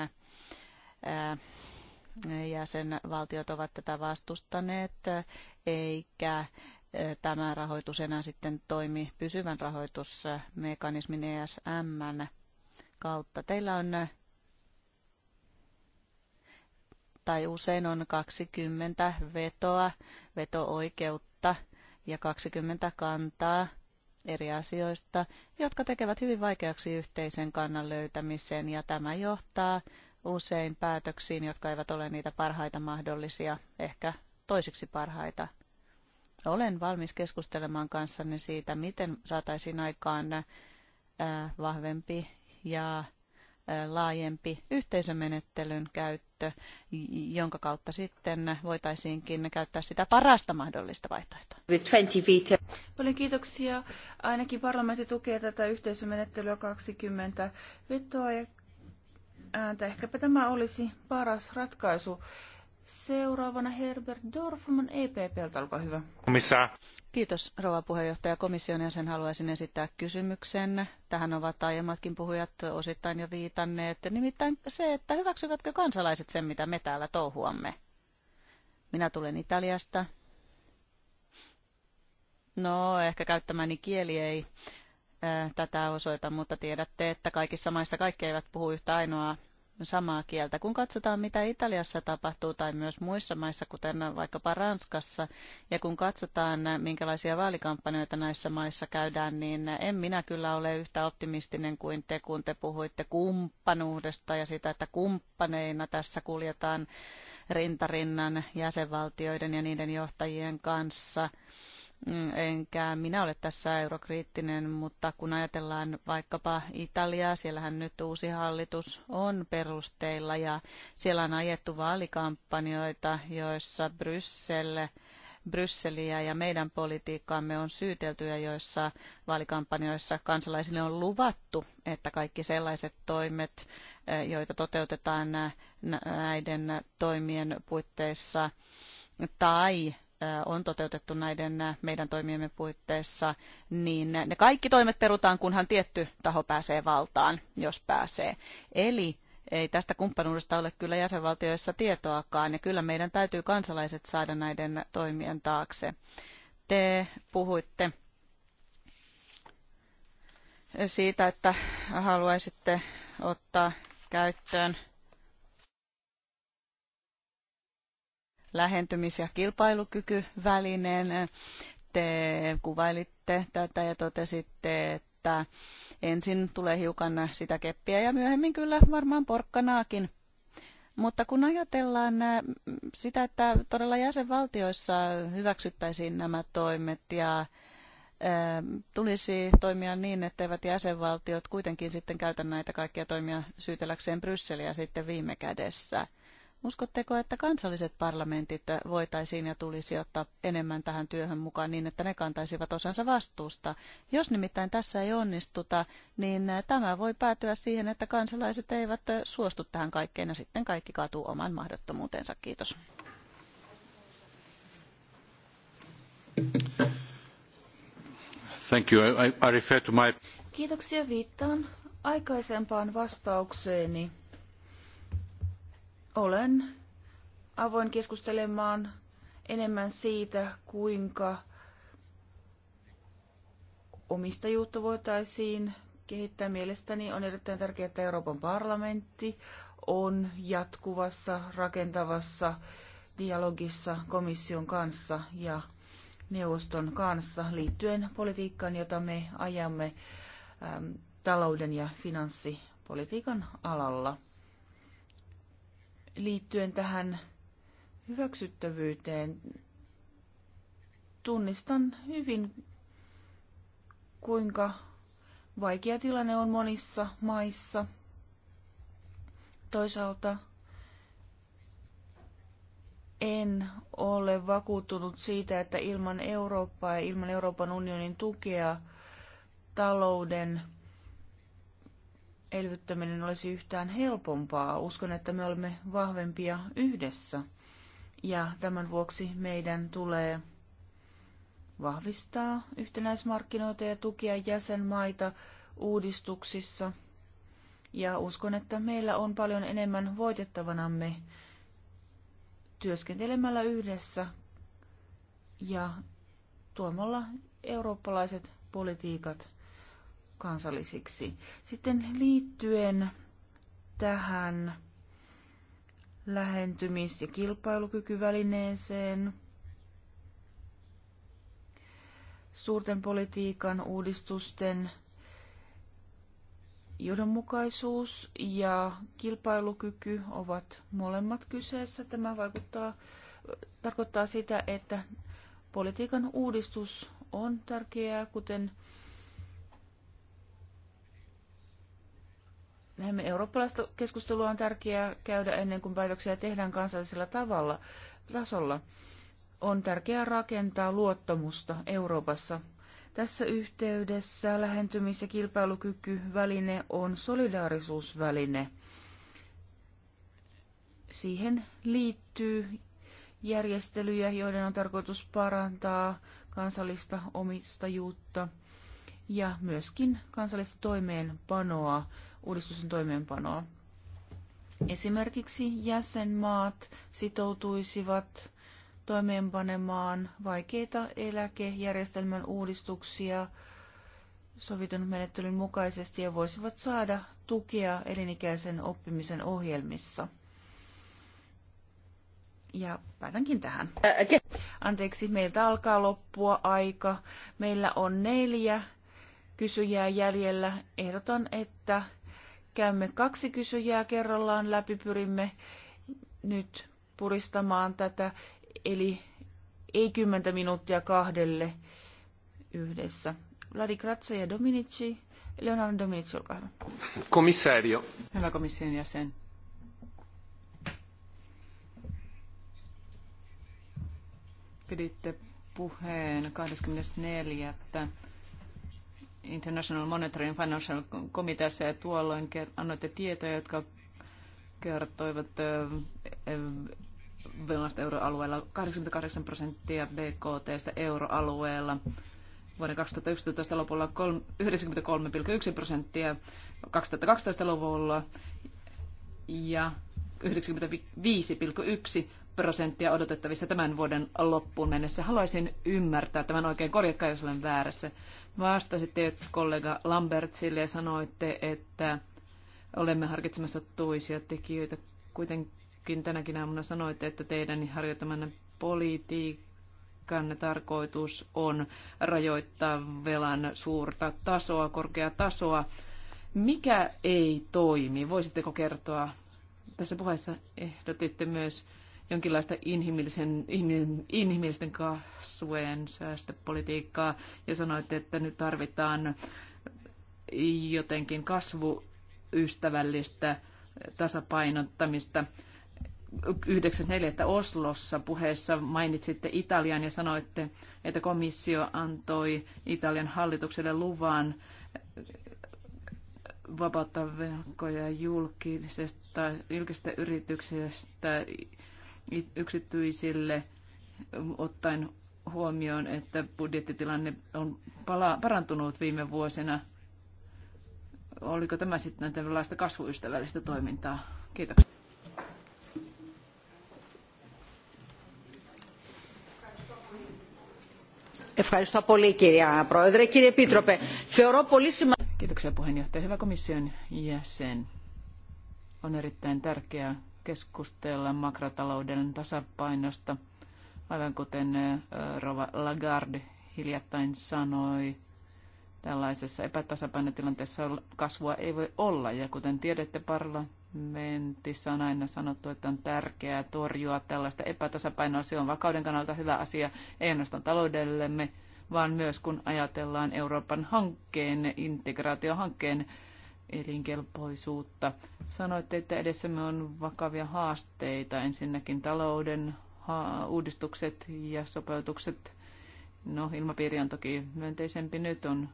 jäsenvaltiot ovat tätä vastustaneet, eikä tämä rahoitus enää sitten toimi pysyvän rahoitusmekanismin ESM kautta. Teillä on tai usein on 20 vetoa, veto-oikeutta ja 20 kantaa eri asioista, jotka tekevät hyvin vaikeaksi yhteisen kannan löytämisen ja tämä johtaa usein päätöksiin, jotka eivät ole niitä parhaita mahdollisia, ehkä toisiksi parhaita. Olen valmis keskustelemaan kanssanne siitä, miten saataisiin aikaan vahvempi ja laajempi yhteisömenettelyn käyttö jonka kautta sitten voitaisiinkin käyttää sitä parasta mahdollista vaihtoehtoa. Paljon kiitoksia. Ainakin parlamentti tukee tätä yhteisömenettelyä 20 vetoa ja ääntä. Ehkäpä tämä olisi paras ratkaisu. Seuraavana Herbert Dorfman EPP, olkaa hyvä. Missä? Kiitos rouva puheenjohtaja komission ja sen haluaisin esittää kysymyksen. Tähän ovat aiemmatkin puhujat osittain jo viitanneet. Nimittäin se, että hyväksyvätkö kansalaiset sen, mitä me täällä touhuamme. Minä tulen Italiasta. No, ehkä käyttämäni kieli ei tätä osoita, mutta tiedätte, että kaikissa maissa kaikki eivät puhu yhtä ainoaa samaa kieltä. Kun katsotaan, mitä Italiassa tapahtuu tai myös muissa maissa, kuten vaikkapa Ranskassa, ja kun katsotaan, minkälaisia vaalikampanjoita näissä maissa käydään, niin en minä kyllä ole yhtä optimistinen kuin te, kun te puhuitte kumppanuudesta ja sitä, että kumppaneina tässä kuljetaan rintarinnan jäsenvaltioiden ja niiden johtajien kanssa. Mm, enkä minä ole tässä eurokriittinen, mutta kun ajatellaan vaikkapa Italiaa, siellähän nyt uusi hallitus on perusteilla ja siellä on ajettu vaalikampanjoita, joissa Bryssel Brysseliä ja meidän politiikkaamme on syytelty ja joissa vaalikampanjoissa kansalaisille on luvattu, että kaikki sellaiset toimet, eh, joita toteutetaan eh, näiden toimien puitteissa tai on toteutettu näiden meidän toimiemme puitteissa, niin ne kaikki toimet perutaan, kunhan tietty taho pääsee valtaan, jos pääsee. Eli ei tästä kumppanuudesta ole kyllä jäsenvaltioissa tietoakaan, ja kyllä meidän täytyy kansalaiset saada näiden toimien taakse. Te puhuitte siitä, että haluaisitte ottaa käyttöön lähentymis- ja kilpailukykyvälineen. Te kuvailitte tätä ja totesitte, että ensin tulee hiukan sitä keppiä ja myöhemmin kyllä varmaan porkkanaakin. Mutta kun ajatellaan äh, sitä, että todella jäsenvaltioissa hyväksyttäisiin nämä toimet ja äh, tulisi toimia niin, etteivät jäsenvaltiot kuitenkin sitten käytä näitä kaikkia toimia syytelläkseen Brysseliä sitten viime kädessä – Uskotteko, että kansalliset parlamentit voitaisiin ja tulisi ottaa enemmän tähän työhön mukaan niin, että ne kantaisivat osansa vastuusta? Jos nimittäin tässä ei onnistuta, niin tämä voi päätyä siihen, että kansalaiset eivät suostu tähän kaikkeen ja sitten kaikki kaatuu oman mahdottomuutensa. Kiitos. Thank you. I, I refer to my... Kiitoksia. Viittaan aikaisempaan vastaukseeni olen avoin keskustelemaan enemmän siitä, kuinka omistajuutta voitaisiin kehittää. Mielestäni on erittäin tärkeää, että Euroopan parlamentti on jatkuvassa rakentavassa dialogissa komission kanssa ja neuvoston kanssa liittyen politiikkaan, jota me ajamme talouden ja finanssipolitiikan alalla liittyen tähän hyväksyttävyyteen. Tunnistan hyvin, kuinka vaikea tilanne on monissa maissa. Toisaalta en ole vakuuttunut siitä, että ilman Eurooppaa ja ilman Euroopan unionin tukea talouden elvyttäminen olisi yhtään helpompaa. Uskon, että me olemme vahvempia yhdessä. Ja tämän vuoksi meidän tulee vahvistaa yhtenäismarkkinoita ja tukia jäsenmaita uudistuksissa. Ja uskon, että meillä on paljon enemmän voitettavanamme työskentelemällä yhdessä ja tuomalla eurooppalaiset politiikat kansallisiksi. Sitten liittyen tähän lähentymis- ja kilpailukykyvälineeseen, suurten politiikan uudistusten johdonmukaisuus ja kilpailukyky ovat molemmat kyseessä. Tämä vaikuttaa, tarkoittaa sitä, että politiikan uudistus on tärkeää, kuten Näemme eurooppalaista keskustelua on tärkeää käydä ennen kuin päätöksiä tehdään kansallisella tavalla, tasolla. On tärkeää rakentaa luottamusta Euroopassa. Tässä yhteydessä lähentymis- ja kilpailukykyväline on solidaarisuusväline. Siihen liittyy järjestelyjä, joiden on tarkoitus parantaa kansallista omistajuutta ja myöskin kansallista toimeenpanoa uudistusten toimeenpanoa. Esimerkiksi jäsenmaat sitoutuisivat toimeenpanemaan vaikeita eläkejärjestelmän uudistuksia sovitun menettelyn mukaisesti ja voisivat saada tukea elinikäisen oppimisen ohjelmissa. Ja päätänkin tähän. Anteeksi, meiltä alkaa loppua aika. Meillä on neljä kysyjää jäljellä. Ehdotan, että Käymme kaksi kysyjää kerrallaan läpi, pyrimme nyt puristamaan tätä, eli ei kymmentä minuuttia kahdelle yhdessä. Vladi Kratse ja Dominici. Leonardo Dominici, olkaa hyvä. Komissario. Hyvä komission jäsen. Piditte puheen 24. International Monetary Financial Komiteassa ja tuolloin annoitte tietoja, jotka kertoivat velasta euroalueella 88 prosenttia BKT euroalueella. Vuoden 2011 lopulla 93,1 prosenttia 2012-luvulla ja 95,1 prosenttia odotettavissa tämän vuoden loppuun mennessä. Haluaisin ymmärtää tämän oikein, korjatkaa jos olen väärässä. Vastasitte kollega Lambertsille ja sanoitte, että olemme harkitsemassa toisia tekijöitä. Kuitenkin tänäkin aamuna sanoitte, että teidän harjoittamanne politiikan tarkoitus on rajoittaa velan suurta tasoa, korkeaa tasoa. Mikä ei toimi? Voisitteko kertoa? Tässä puheessa ehdotitte myös jonkinlaista inhimillisen, inhimillisten kasvojen säästöpolitiikkaa ja sanoitte, että nyt tarvitaan jotenkin kasvuystävällistä tasapainottamista. 9.4. Oslossa puheessa mainitsitte Italian ja sanoitte, että komissio antoi Italian hallitukselle luvan vapauttaa velkoja julkisesta, julkisesta yrityksestä yksityisille ottaen huomioon, että budjettitilanne on pala- parantunut viime vuosina. Oliko tämä sitten tällaista kasvuystävällistä toimintaa? Kiitoksia. Ευχαριστώ πολύ κυρία Πρόεδρε. Κύριε Επίτροπε, θεωρώ πολύ σημαντικό. Kiitoksia puheenjohtaja. Hyvä komission jäsen. On erittäin tärkeää keskustella makrotalouden tasapainosta, aivan kuten Rova Lagarde hiljattain sanoi. Tällaisessa epätasapainotilanteessa kasvua ei voi olla, ja kuten tiedätte, parlamentissa on aina sanottu, että on tärkeää torjua tällaista epätasapainoa. Se on vakauden kannalta hyvä asia, ei ainoastaan taloudellemme, vaan myös kun ajatellaan Euroopan hankkeen, integraatiohankkeen elinkelpoisuutta. Sanoitte, että edessämme on vakavia haasteita. Ensinnäkin talouden uudistukset ja sopeutukset. No, ilmapiiri on toki myönteisempi nyt, on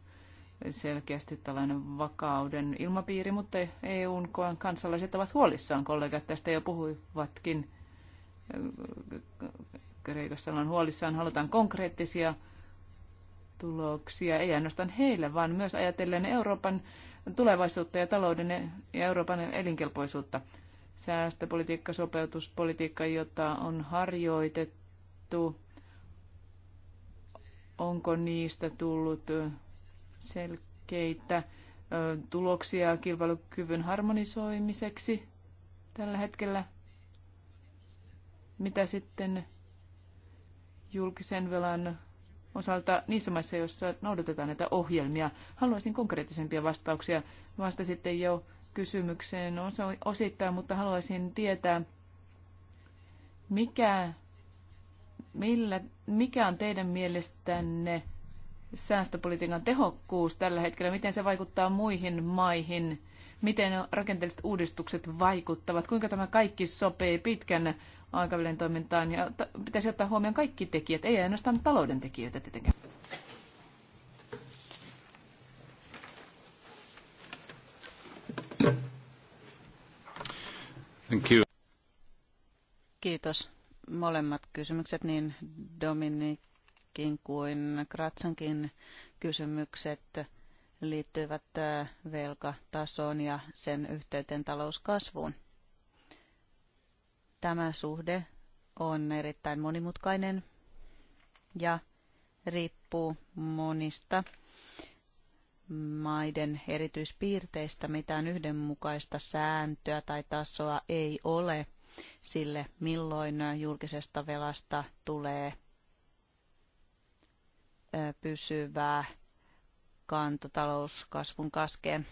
selkeästi tällainen vakauden ilmapiiri, mutta EUn kansalaiset ovat huolissaan. Kollegat tästä jo puhuivatkin. Kreikassa on huolissaan, halutaan konkreettisia tuloksia, ei ainoastaan heille, vaan myös ajatellen Euroopan tulevaisuutta ja talouden ja Euroopan elinkelpoisuutta. Säästöpolitiikka, sopeutuspolitiikka, jota on harjoitettu, onko niistä tullut selkeitä tuloksia kilpailukyvyn harmonisoimiseksi tällä hetkellä? Mitä sitten julkisen velan osalta niissä maissa, joissa noudatetaan näitä ohjelmia? Haluaisin konkreettisempia vastauksia. Vastasitte jo kysymykseen no, osittain, mutta haluaisin tietää, mikä, millä, mikä on teidän mielestänne säästöpolitiikan tehokkuus tällä hetkellä? Miten se vaikuttaa muihin maihin? Miten rakenteelliset uudistukset vaikuttavat? Kuinka tämä kaikki sopii pitkän aikavälin toimintaan ja pitäisi ottaa huomioon kaikki tekijät, ei ainoastaan talouden tekijöitä tietenkään. Thank you. Kiitos molemmat kysymykset, niin Dominikin kuin Kratsankin kysymykset liittyvät äh, velkatasoon ja sen yhteyteen talouskasvuun. Tämä suhde on erittäin monimutkainen ja riippuu monista maiden erityispiirteistä. Mitään yhdenmukaista sääntöä tai tasoa ei ole sille, milloin julkisesta velasta tulee pysyvää kantotalouskasvun kaskeen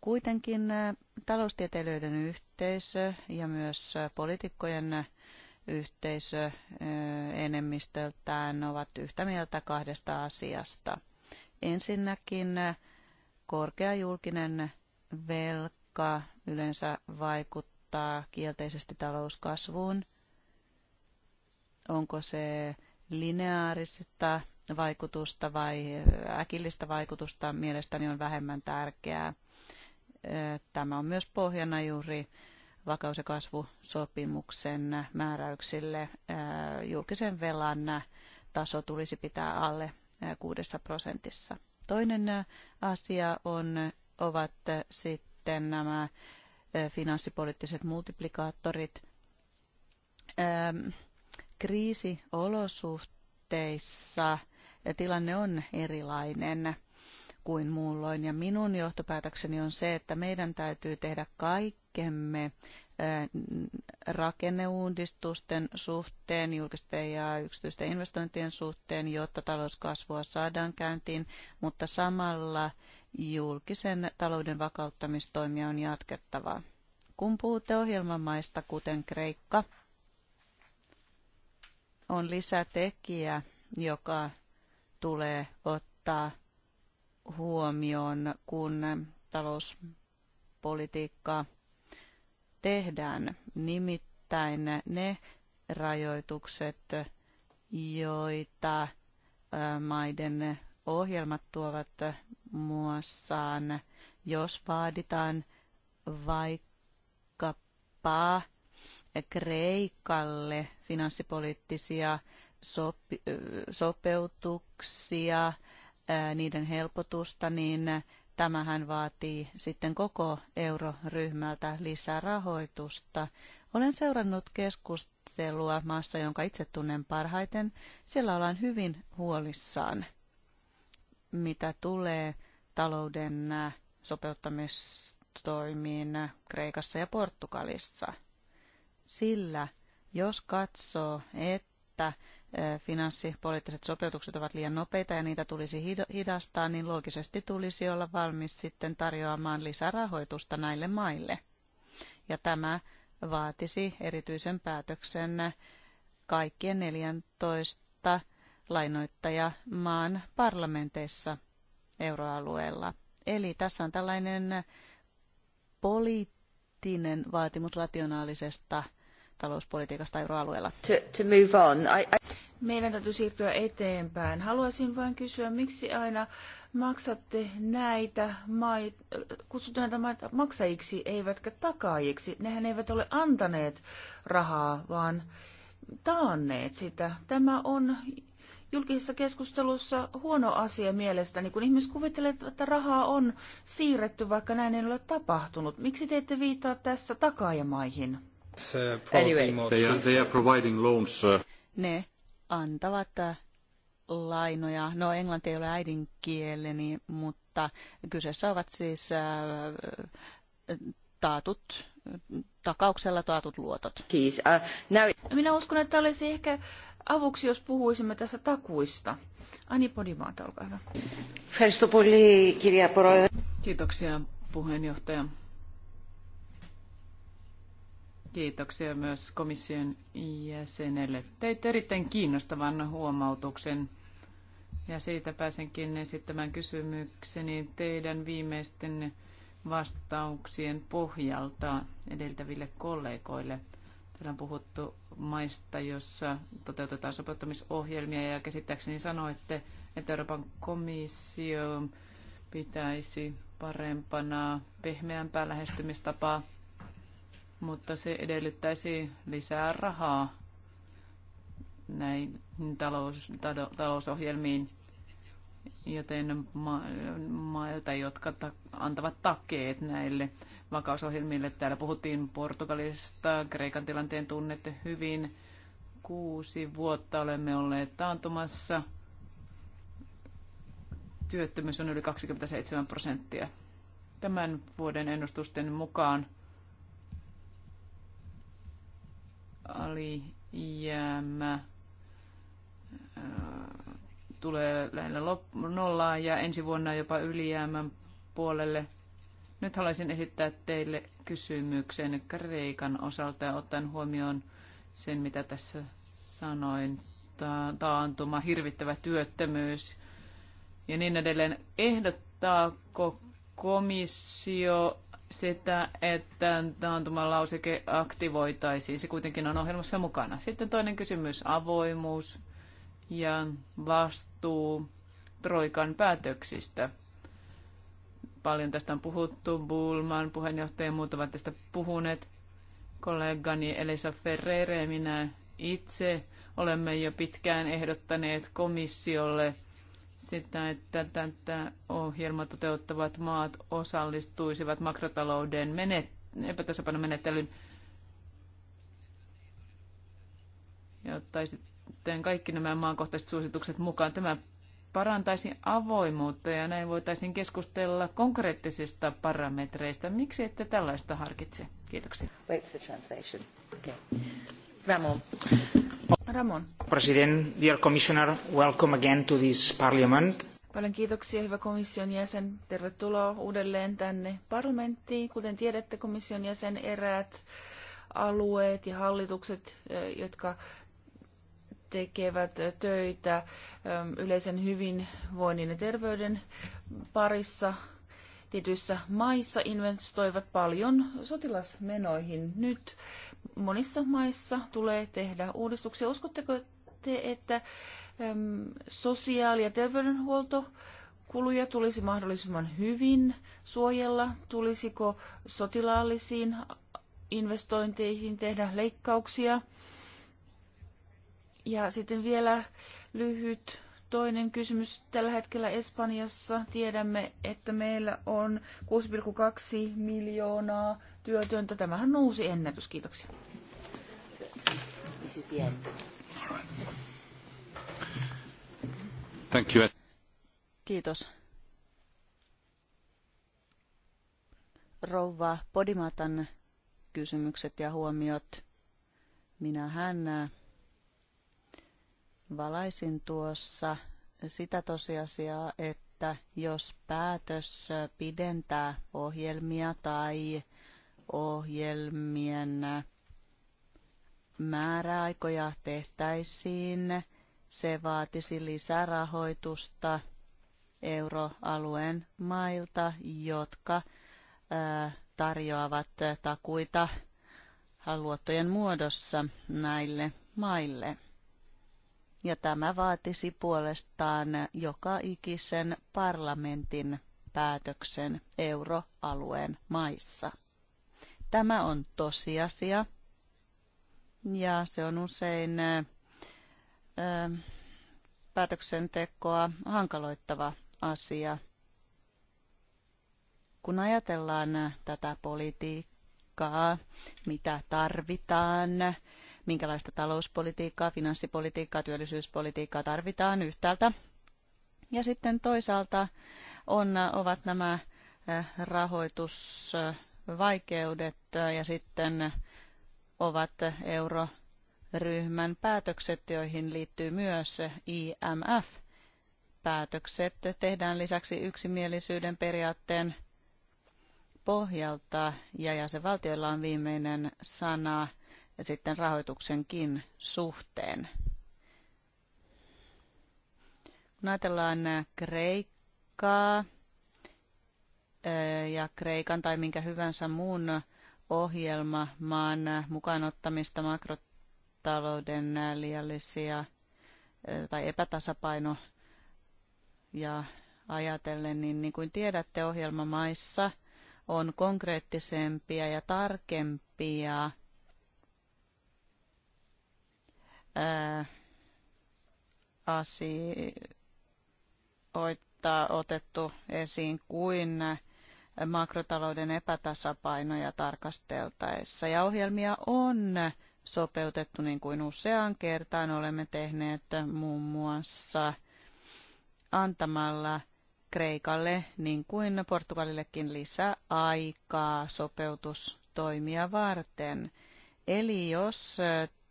Kuitenkin äh, taloustieteilijöiden yhteisö ja myös äh, poliitikkojen äh, yhteisö enemmistöltään ovat yhtä mieltä kahdesta asiasta. Ensinnäkin korkea julkinen velka yleensä vaikuttaa kielteisesti talouskasvuun. Onko se lineaarista vaikutusta vai äkillistä vaikutusta mielestäni on vähemmän tärkeää. Tämä on myös pohjana juuri vakaus- ja kasvusopimuksen määräyksille. Julkisen velan taso tulisi pitää alle 6 prosentissa. Toinen asia on, ovat sitten nämä finanssipoliittiset multiplikaattorit. Kriisiolosuhteissa tilanne on erilainen kuin muulloin. Ja minun johtopäätökseni on se, että meidän täytyy tehdä kaikkemme rakenneuudistusten suhteen, julkisten ja yksityisten investointien suhteen, jotta talouskasvua saadaan käyntiin, mutta samalla julkisen talouden vakauttamistoimia on jatkettava. Kun puhutte ohjelmamaista, kuten Kreikka, on lisätekijä, joka tulee ottaa huomioon, kun talouspolitiikkaa tehdään. Nimittäin ne rajoitukset, joita maiden ohjelmat tuovat muassaan, jos vaaditaan vaikkapa Kreikalle finanssipoliittisia sopeutuksia, niiden helpotusta, niin tämähän vaatii sitten koko euroryhmältä lisää rahoitusta. Olen seurannut keskustelua maassa, jonka itse tunnen parhaiten. Siellä ollaan hyvin huolissaan, mitä tulee talouden sopeuttamistoimiin Kreikassa ja Portugalissa. Sillä jos katsoo, että finanssipoliittiset sopeutukset ovat liian nopeita ja niitä tulisi hidastaa, niin loogisesti tulisi olla valmis sitten tarjoamaan lisärahoitusta näille maille. Ja tämä vaatisi erityisen päätöksen kaikkien 14 lainoittajamaan parlamenteissa euroalueella. Eli tässä on tällainen poliittinen vaatimus rationaalisesta talouspolitiikasta euroalueella. To, to move on. I, I... Meidän täytyy siirtyä eteenpäin. Haluaisin vain kysyä, miksi aina maksatte näitä maita, kutsutte näitä maita maksajiksi eivätkä takaajiksi. Nehän eivät ole antaneet rahaa, vaan taanneet sitä. Tämä on julkisessa keskustelussa huono asia mielestäni, kun ihmiset kuvittelevat, että rahaa on siirretty, vaikka näin ei ole tapahtunut. Miksi te ette viittaa tässä takaajamaihin? Uh, anyway. They are, they are providing loans. Uh, ne antavat uh, lainoja. No englanti ei ole äidinkieleni, mutta kyseessä ovat siis taatut, takauksella taatut luotot. Minä uskon, että olisi ehkä avuksi, jos puhuisimme tässä takuista. Ani Podimaata, olkaa hyvä. Kiitoksia puheenjohtaja. Kiitoksia myös komission jäsenelle. Teit erittäin kiinnostavan huomautuksen. Ja siitä pääsenkin esittämään kysymykseni teidän viimeisten vastauksien pohjalta edeltäville kollegoille. Täällä on puhuttu maista, jossa toteutetaan sopeuttamisohjelmia ja käsittääkseni sanoitte, että Euroopan komissio pitäisi parempana pehmeämpää lähestymistapaa mutta se edellyttäisi lisää rahaa näin talous, talousohjelmiin, joten ma- mailta, jotka ta- antavat takeet näille vakausohjelmille. Täällä puhuttiin Portugalista, Kreikan tilanteen tunnette hyvin. Kuusi vuotta olemme olleet taantumassa. Työttömyys on yli 27 prosenttia. Tämän vuoden ennustusten mukaan alijäämä äh, tulee lähellä nollaa ja ensi vuonna jopa ylijäämän puolelle. Nyt haluaisin esittää teille kysymyksen Kreikan osalta ja ottaen huomioon sen, mitä tässä sanoin, taantuma, hirvittävä työttömyys ja niin edelleen. Ehdottaako komissio sitä, että taantumalauseke aktivoitaisiin. Se kuitenkin on ohjelmassa mukana. Sitten toinen kysymys, avoimuus ja vastuu Troikan päätöksistä. Paljon tästä on puhuttu, Bulman puheenjohtaja ja muut ovat tästä puhuneet. Kollegani Elisa Ferreira ja minä itse olemme jo pitkään ehdottaneet komissiolle – sitä, että tätä ohjelmaa toteuttavat maat osallistuisivat makrotalouden menet- epätasapainomenettelyyn ja sitten kaikki nämä maankohtaiset suositukset mukaan. Tämä parantaisi avoimuutta ja näin voitaisiin keskustella konkreettisista parametreista. Miksi ette tällaista harkitse? Kiitoksia. Wait for translation. Okay. Ramon. President, dear Commissioner, welcome again to this Parliament. Paljon kiitoksia, hyvä komission jäsen. Tervetuloa uudelleen tänne parlamenttiin. Kuten tiedätte, komission jäsen eräät alueet ja hallitukset, jotka tekevät töitä yleisen hyvinvoinnin ja terveyden parissa tietyissä maissa investoivat paljon sotilasmenoihin. Nyt monissa maissa tulee tehdä uudistuksia. Uskotteko te, että sosiaali- ja terveydenhuolto kuluja tulisi mahdollisimman hyvin suojella? Tulisiko sotilaallisiin investointeihin tehdä leikkauksia? Ja sitten vielä lyhyt Toinen kysymys. Tällä hetkellä Espanjassa tiedämme, että meillä on 6,2 miljoonaa työtöntä. Tämähän on uusi ennätys. Kiitoksia. Thank you. Kiitos. Rouva Podimatan kysymykset ja huomiot. Minä hän valaisin tuossa sitä tosiasiaa, että jos päätös pidentää ohjelmia tai ohjelmien määräaikoja tehtäisiin, se vaatisi lisärahoitusta euroalueen mailta, jotka tarjoavat takuita luottojen muodossa näille maille. Ja tämä vaatisi puolestaan joka ikisen parlamentin päätöksen euroalueen maissa. Tämä on tosiasia ja se on usein ö, päätöksentekoa hankaloittava asia. Kun ajatellaan tätä politiikkaa, mitä tarvitaan, minkälaista talouspolitiikkaa, finanssipolitiikkaa, työllisyyspolitiikkaa tarvitaan yhtäältä. Ja sitten toisaalta on, ovat nämä äh, rahoitusvaikeudet äh, ja sitten ovat euroryhmän päätökset, joihin liittyy myös IMF. Päätökset tehdään lisäksi yksimielisyyden periaatteen pohjalta ja jäsenvaltioilla on viimeinen sana sitten rahoituksenkin suhteen. Kun ajatellaan äh, Kreikkaa äh, ja Kreikan tai minkä hyvänsä muun maan äh, mukaan ottamista makrotalouden liiallisia tai epätasapaino ja ajatellen, niin, niin kuin tiedätte, ohjelmamaissa on konkreettisempia ja tarkempia asioita otettu esiin kuin makrotalouden epätasapainoja tarkasteltaessa. Ja ohjelmia on sopeutettu niin kuin useaan kertaan olemme tehneet muun muassa antamalla Kreikalle niin kuin Portugalillekin lisäaikaa sopeutustoimia varten. Eli jos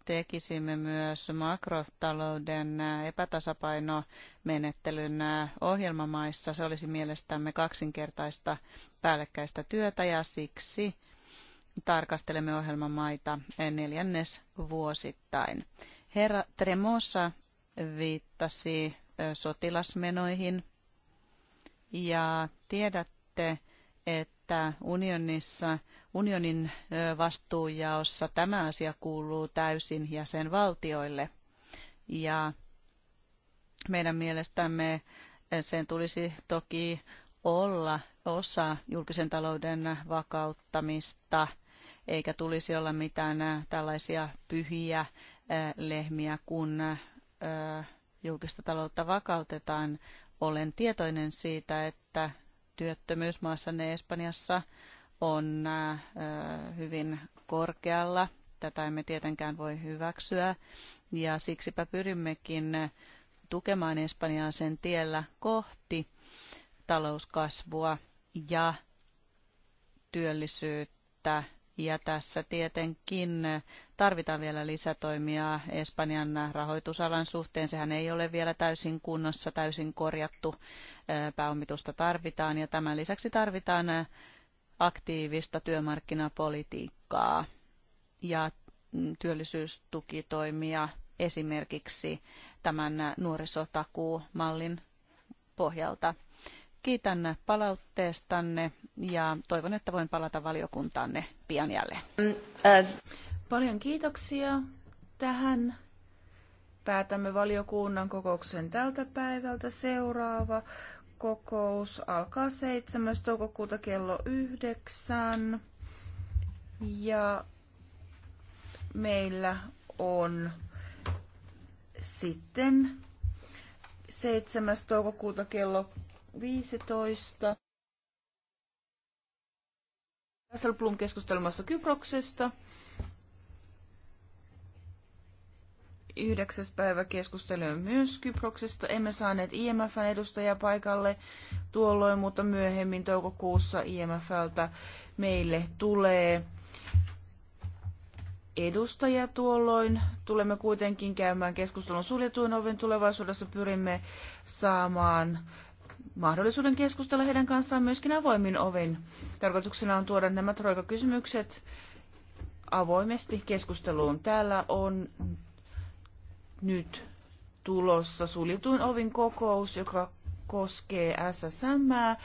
tekisimme myös makrotalouden epätasapainomenettelyn ohjelmamaissa. Se olisi mielestämme kaksinkertaista päällekkäistä työtä ja siksi tarkastelemme ohjelmamaita neljännes vuosittain. Herra Tremosa viittasi sotilasmenoihin ja tiedätte, että unionissa – unionin vastuujaossa tämä asia kuuluu täysin jäsenvaltioille. Ja meidän mielestämme sen tulisi toki olla osa julkisen talouden vakauttamista, eikä tulisi olla mitään tällaisia pyhiä lehmiä, kun julkista taloutta vakautetaan. Olen tietoinen siitä, että työttömyys maassanne Espanjassa on äh, äh, hyvin korkealla. Tätä emme tietenkään voi hyväksyä ja siksipä pyrimmekin äh, tukemaan Espanjaa sen tiellä kohti talouskasvua ja työllisyyttä. Ja tässä tietenkin tarvitaan vielä lisätoimia Espanjan rahoitusalan suhteen. Sehän ei ole vielä täysin kunnossa, täysin korjattu. Pääomitusta tarvitaan ja tämän lisäksi tarvitaan aktiivista työmarkkinapolitiikkaa ja mm, työllisyystukitoimia esimerkiksi tämän nuorisotakuumallin pohjalta. Kiitän palautteestanne ja toivon, että voin palata valiokuntaanne pian jälleen. Paljon kiitoksia. Tähän päätämme valiokunnan kokouksen tältä päivältä. Seuraava kokous alkaa 7. toukokuuta kello 9. Ja meillä on sitten 7. toukokuuta kello 15. Tässä on Plum keskustelmassa Kyproksesta. yhdeksäs päivä keskustelua myös Kyproksesta. Emme saaneet IMFn edustajaa paikalle tuolloin, mutta myöhemmin toukokuussa IMFltä meille tulee edustaja tuolloin. Tulemme kuitenkin käymään keskustelun suljetuin oven tulevaisuudessa. Pyrimme saamaan mahdollisuuden keskustella heidän kanssaan myöskin avoimin ovin. Tarkoituksena on tuoda nämä troika-kysymykset avoimesti keskusteluun. Täällä on nyt tulossa suljetuin ovin kokous, joka koskee SSM. -ää.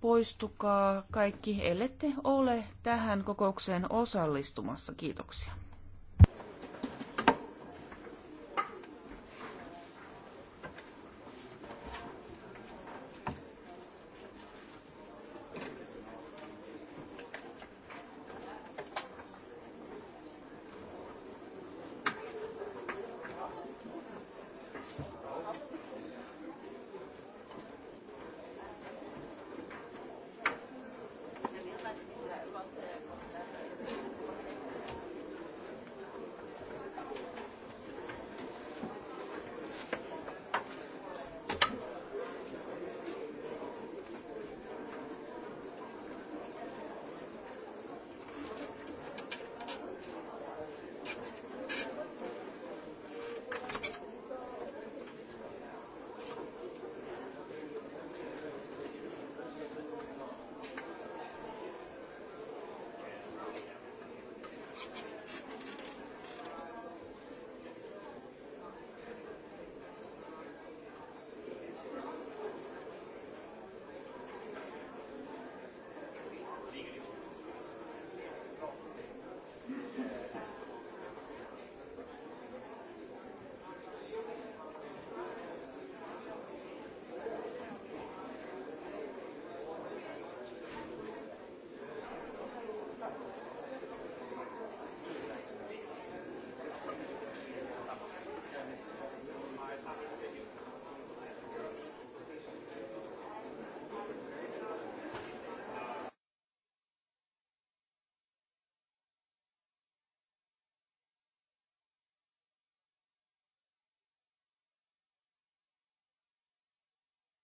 Poistukaa kaikki, ellette ole tähän kokoukseen osallistumassa. Kiitoksia.